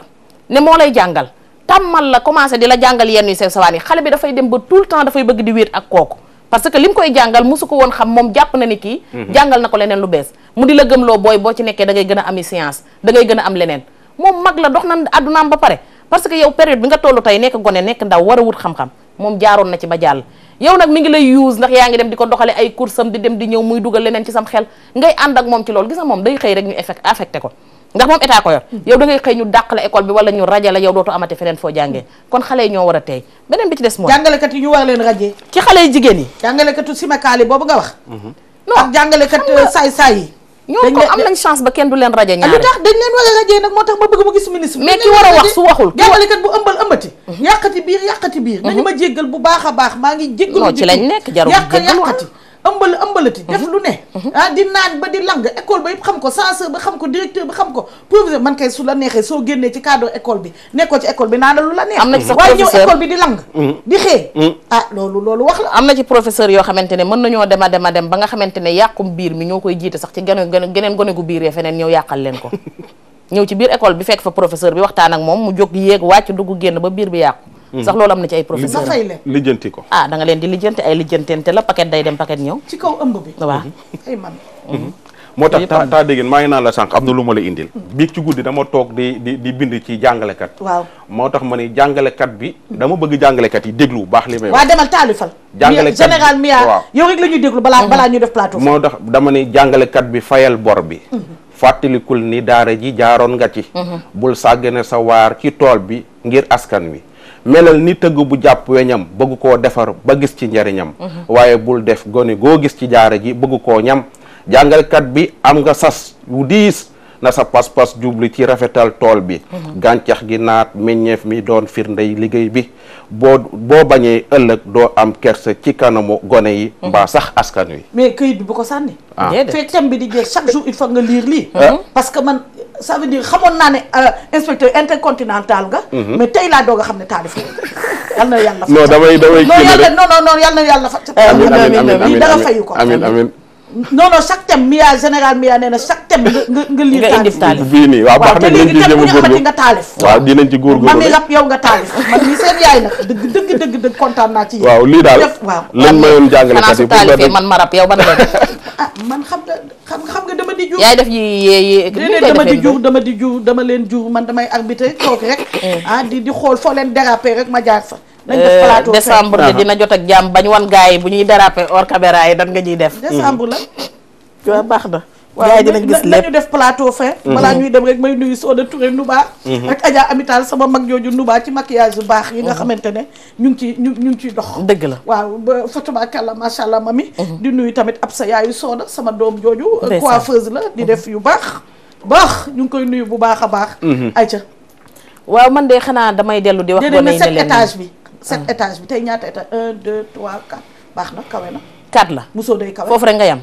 ne moo lay jàngal tàmmal la commencé di la jàngal yenn yu sew sawaan yi xale bi dafay dem ba tout le temps dafay bëgg di wéet ak kooku parce que lim koy jàngal musu ko woon xam moom jàpp na ni kii mhm. jàngal na ko leneen lu bees mu di la gëmloo booy boo ci nekkee da ngay gën a ami science da gën a am leneen moom mag la dox na addunaam ba pare parce que yow période bi nga tollu tey nekk gone nekk ndaw war a wut xam-xam moom jaaroon na ci ba jàll yow nag mu ngi la use ndax yaa ngi dem di ko doxale ay cours am di dem di ñëw muy dugal leneen ci sam xel ngay ànd ak moom ci loolu moom day xëy rek ñu affecté ko ndax moom état ko yor yow da ngay xëy ñu dàq la école bi wala ñu raje la yow dootu amati feneen foo jàngee kon xale ñoo war a tey beneen bi ci des mooy jàngalekat yi ñu war leen rajee ci xale yi jigéen yi jàngalekatu simakaal yi boobu nga wax mhm. non euh, saay-saay yi ñoom ko am nañ chance ba kenn du leen raje ñaar ah, lu tax dañ moo tax ma bëgg ma gis ministre mais ki war a wax su waxul jàngalekat bu ëmbal ëmbati mhm. yàqati biir yàqati biir nañu mhm. ma jéggal bu baax baax maa ngi jéggalu ci lañ nekk jarul yàq yàqati ëmbal ëmbalati mhm. def lu ne mhm. ah di naan ba di lang école ba yëpp xam ko censeur ba xam ko directeur ba xam ko proviseur su la neexee soo génnee ci cadre école bi nekkoo école bi naa la lu la neex am na ci sax waaye mm. mm. ah, loolu loolu wax am na ci professeur yoo xamante ne mën nañoo dem a dem ba nga xamante ne yàqum biir mi ñoo koy jiite sax ci gene geneen gone gu biir yee feneen ñëw yàqal leen ko ñëw ci biir école bi fekk fa professeur bi waxtaan ak moom mu jóg yéeg wàcc dugg génn ba biir bi yàqu sax loolu am na ci ay professeur nga ah da nga leen di lijjanti ay lijjantente la paquet day dem paquet ñëw ci mhm. moo tax ta taa dégg maa ngi la sànq am na lu ma la indil biig ci guddi dama toog di di di bind ci jàngalekat waaw moo tax ma ne jàngalekat bi dama bëgg jàngalekat yi déglu bu baax li may waaw demal taalifal jàngalekat général Mia waaw yow rek la ñuy déglu balaa mhm. balaa ñuy def plateau moo tax dama ne jàngalekat bi fayal bor bi mhm. fàttalikul ni daara ji jaaroon nga ci bul sàggane sa waar ci tool bi ngir askan wi melal ni tëgg bu jàpp weñam bëgg koo defar ba gis ci njariñam mhm. waaye bul def gone goo gis ci jaara ji bëgg koo ñam jàngalkat bi am nga sas wu diis na sa pas-pas jubli ci rafetal tool bi mhm. gàncax gi naat meññeef mi doon firndey liggéey bi boo boo bañee ëllëg doo am kerse ci kanamu gone yi mhm. mbaa sax askan wi mais këyit bi bu ko sànni ah. fekk thème bi di jeex chaque jour il faut nga lire lii parce man ça veut dire xamoon naa ne euh, inspecteur intercontinental nga. Mhm. mais tey laa doog a xam ne taalif yal na yàlla. non damay damay non non non yal na yàlla fa. amiin amiin amiin dara fayu ko amiin amiin. non non chaque thème Mia général Mia nee na chaque thème nga nga lii taalif nga indi fii nii waaw baax na dinañ ci jéem a góorgóorlu nga taalif waaw dinañ ci góorgóorlu man mi rab yow nga taalif man mi seen yaay nag dëgg dëgg dëgg dëgg kontaan naa ci yéen waaw lii daal waaw lan mayoon jàngalekat yi pour man ma rab yow ban la ah man xam nga xam di jur yaay def yi yee dama di jur dama di jur dama leen jur man damay arbitre toog rek eh. ah, di xool foo leen déraper rek ma jaar fa nañ eh, décembre la dina jot ak jàmm bañ wan gars yi bu ñuy déraper hors caméra yi dan nga ñuy def décembre la hmm. waaw baax na waaw dinañ gis def plateau fin mhm. balaa ñuy dem rek may nuyu Soda Touré Nuba mhm. ak Adja Amital sama mag jooju Nuba ci maquillage yu baax yi nga mhm. xamante ne ñu ngi ci ñu ñu ngi ciy dox dëgg la waaw ba fatabakàlla macha allah mami di nuyu tamit ab sa yaayu Soda sama doom jooju euh, coiffeuse la di def yu baax baax ñu ngi koy nuyu bu baax a baax Aïcha waaw man de xanaa damay dellu di wax gone yi ne leen sept étage ah. bi sept étage bi tey ñaata étage un deux trois quatre baax na kawe na kat foofu rek nga yam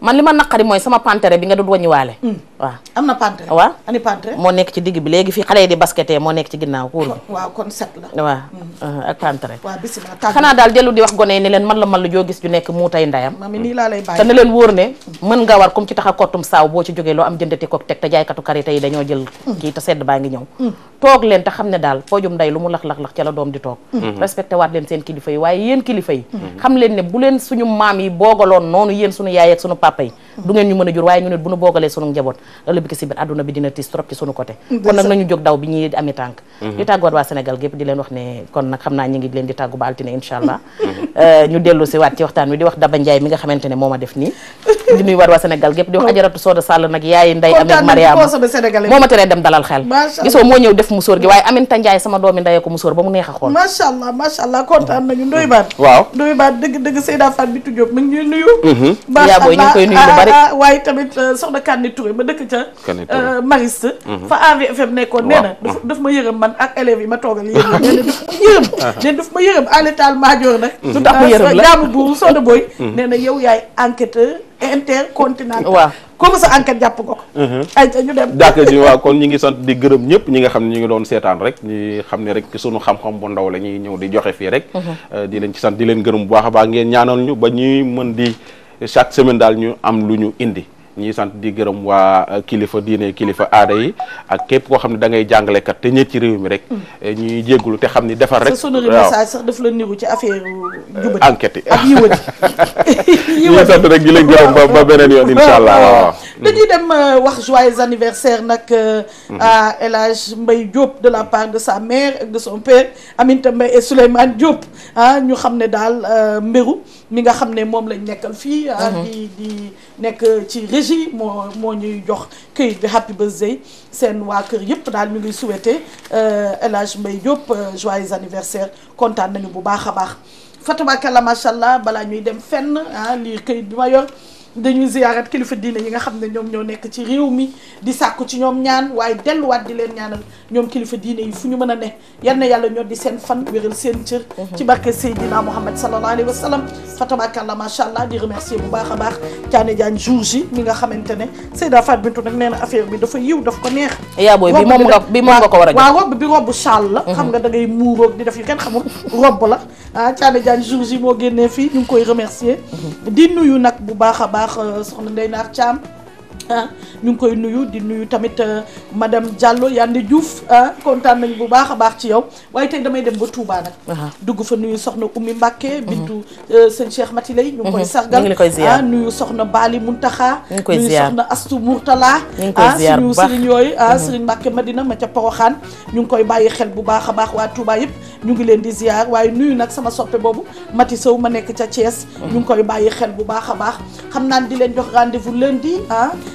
man li ma naqari mooy sama pantere bi nga doon wàññiwaale. Mm. waaw am na moo nekk ci digg bi léegi fii xale yi di basketee moo nekk ci ginnaaw kuur bi waaw mm. uh-huh, ak pantre xanaa daal dellu di wax gone yi ne leen man la joo gis ju nekk muu tay ndayam te na leen wóor ne mën nga war comme ci tax a kottum saaw boo ci jógee loo am jëndati kook teg te jaaykatu karité yi dañoo jël mm. kii te sedd baa ngi ñëw mm. toog leen te xam ne daal poojum nday lu mu lax-lax-lax la doom di toog mm-hmm. respecté waat leen seen kilifa yi waaye yéen kilifa du ngeen ñu mën a jur waaye ñu ne bu nu boogalee sunu njaboot ëllëg bi si àdduna bi dina tiis trop ci sunu côté kon nag nañu jóg daw bi ñuy amee tànk mhm. di tàgguwaat ba altine incha allah mhm. euh, ñu dellu si waat ci waxtaan wi di wax Daba Ndiaye mi nga xamante ne moo ma def nii di nuyu waat waa Sénégal gépp di wax oh. ajaratu Soda Sall nag yaay nday amee Mariama moo ma teree dem dalal xel gisoo moo ñëw def musóor gi waaye Aminta Ndiaye sama doomi ndayee ko musóor bari ah, ah, waaye tamit euh, soxna Kani Touré ma dëkk ca euh, Mariste mhm. fa AVFM nekkoon nee na daf daf ma yërëm man ak élèves yi ma toogal yërëm nee na daf ma yërëm ah. nee na ma yërëm aletal maajoor nag mhm. lu tax mu yërëm la jaamu buur Soda Boy mhm. nee na comme sa enquête jàpp ko ay ta ñu dem d'accord ñu waaw kon ñi ngi sant di gërëm ñëpp ñi nga xam ne ñu ngi doon seetaan rek ñi xam ne rek sunu xam-xam bu ndaw la ñuy ñëw di joxe fii rek euh, di leen ci sant di leen gërëm baax baax ngeen ñaanal ñu ba ñuy mën di chaque semaine daal ñu am lu ñu indi ñuy sant di gërëm waa euh, kilifa diine kilifa aada yi ak képp koo xam ne da ngay jàngalekat te ñetti ci réew mi rek. Mm. Eh, ñuy jéggulu te xam ni defar rek. sonori message sax daf la niru ci affaire enquête yi ak yiwati. yiwati ñuy sant rek di leen gërëm ba beneen yoon incha allah waaw. dañuy dem euh, wax joyeux anniversaire nag euh, mhm. à El Hadj Mbaye Diop de la part de sa maire et de son père Aminata Mbaye et Souleymane Diop ah, ñu xam ne daal euh, mbéru mi nga xam ne moom lañ nekkal fii ah, mhm. di di nekk ci régie moo moo ñuy jox këyit bi happy birthday seen waa kër yëpp daal ñu ngi souhaité El Hadj Mbaye Diop joyeux anniversaire kontaan nañu bu baax a baax Fatou Bakala macha allah balaa ñuy dem fenn ah lii këyit bi ma dañuy ziyaarat kilifa diine yi nga xam ne ñoom ñoo nekk ci réew mi di sàkku ci ñoom ñaan waaye delluwaat di leen ñaanal ñoom kilifa diine yi fu ñu mën a ne yal na yàlla ñoo di seen fan wéral seen cër mhm. ci barke Seydina Mouhamed sallallahu alayhi wa sallam fatabarakallah macha allah di remercier bu baax a baax Thiané Diagne jour ji mi nga xamante ne Seyda Fat Bintou nag nee na affaire bi dafa yiw daf ko neex yaa bi moom nga ko war a waaw robb bi robb châle la mhm. ah, mhm. a baax euh, soxna Ndeye Naar Thiam ñu ngi koy nuyu di nuyu tamit ma euh, dem madame Diallo juuf Diouf ah, kontaan nañ bu baax a baax ci yow waaye tey damay dem ba Touba nag dugg fa nuyu soxna Oumy Mbacké mhm. bintu euh, sëñ Cheikh Mati Lay ñu ngi koy mhm. sargal ah nuyu soxna Bali Muntaxa nuyu soxna Astu Murtala ah suñu sëriñ yooyu ah mhm. sëriñ Mbacké Madina ma ca Poroxaan ñu ngi koy bàyyi xel bu baax a baax waa Touba yëpp ñu ngi leen di ziar waaye nuyu nag sama soppe boobu Mati Sow ma nekk ca Thiès ñu ngi koy bàyyi xel bu baax a baax xam naan di leen jox rendez-vous ah.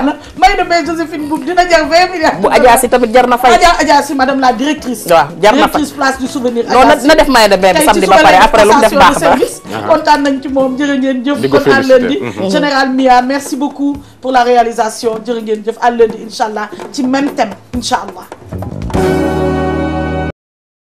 jar na may demee Joséphine Boub dina jar vingt milliards. bu Adja si tamit jar na fay Adja Adja si madame la directrice. waaw jar na fa directrice place du souvenir. Adja si non na def may demee ba samedi ba pare après lu mu def baax ba kontaan nañ ci moom jërë ngeen jëf. di ko kon à lundi mhm. général Mia merci beaucoup pour la réalisation jërë ngeen jëf à lundi incha allah ci même thème incha allah.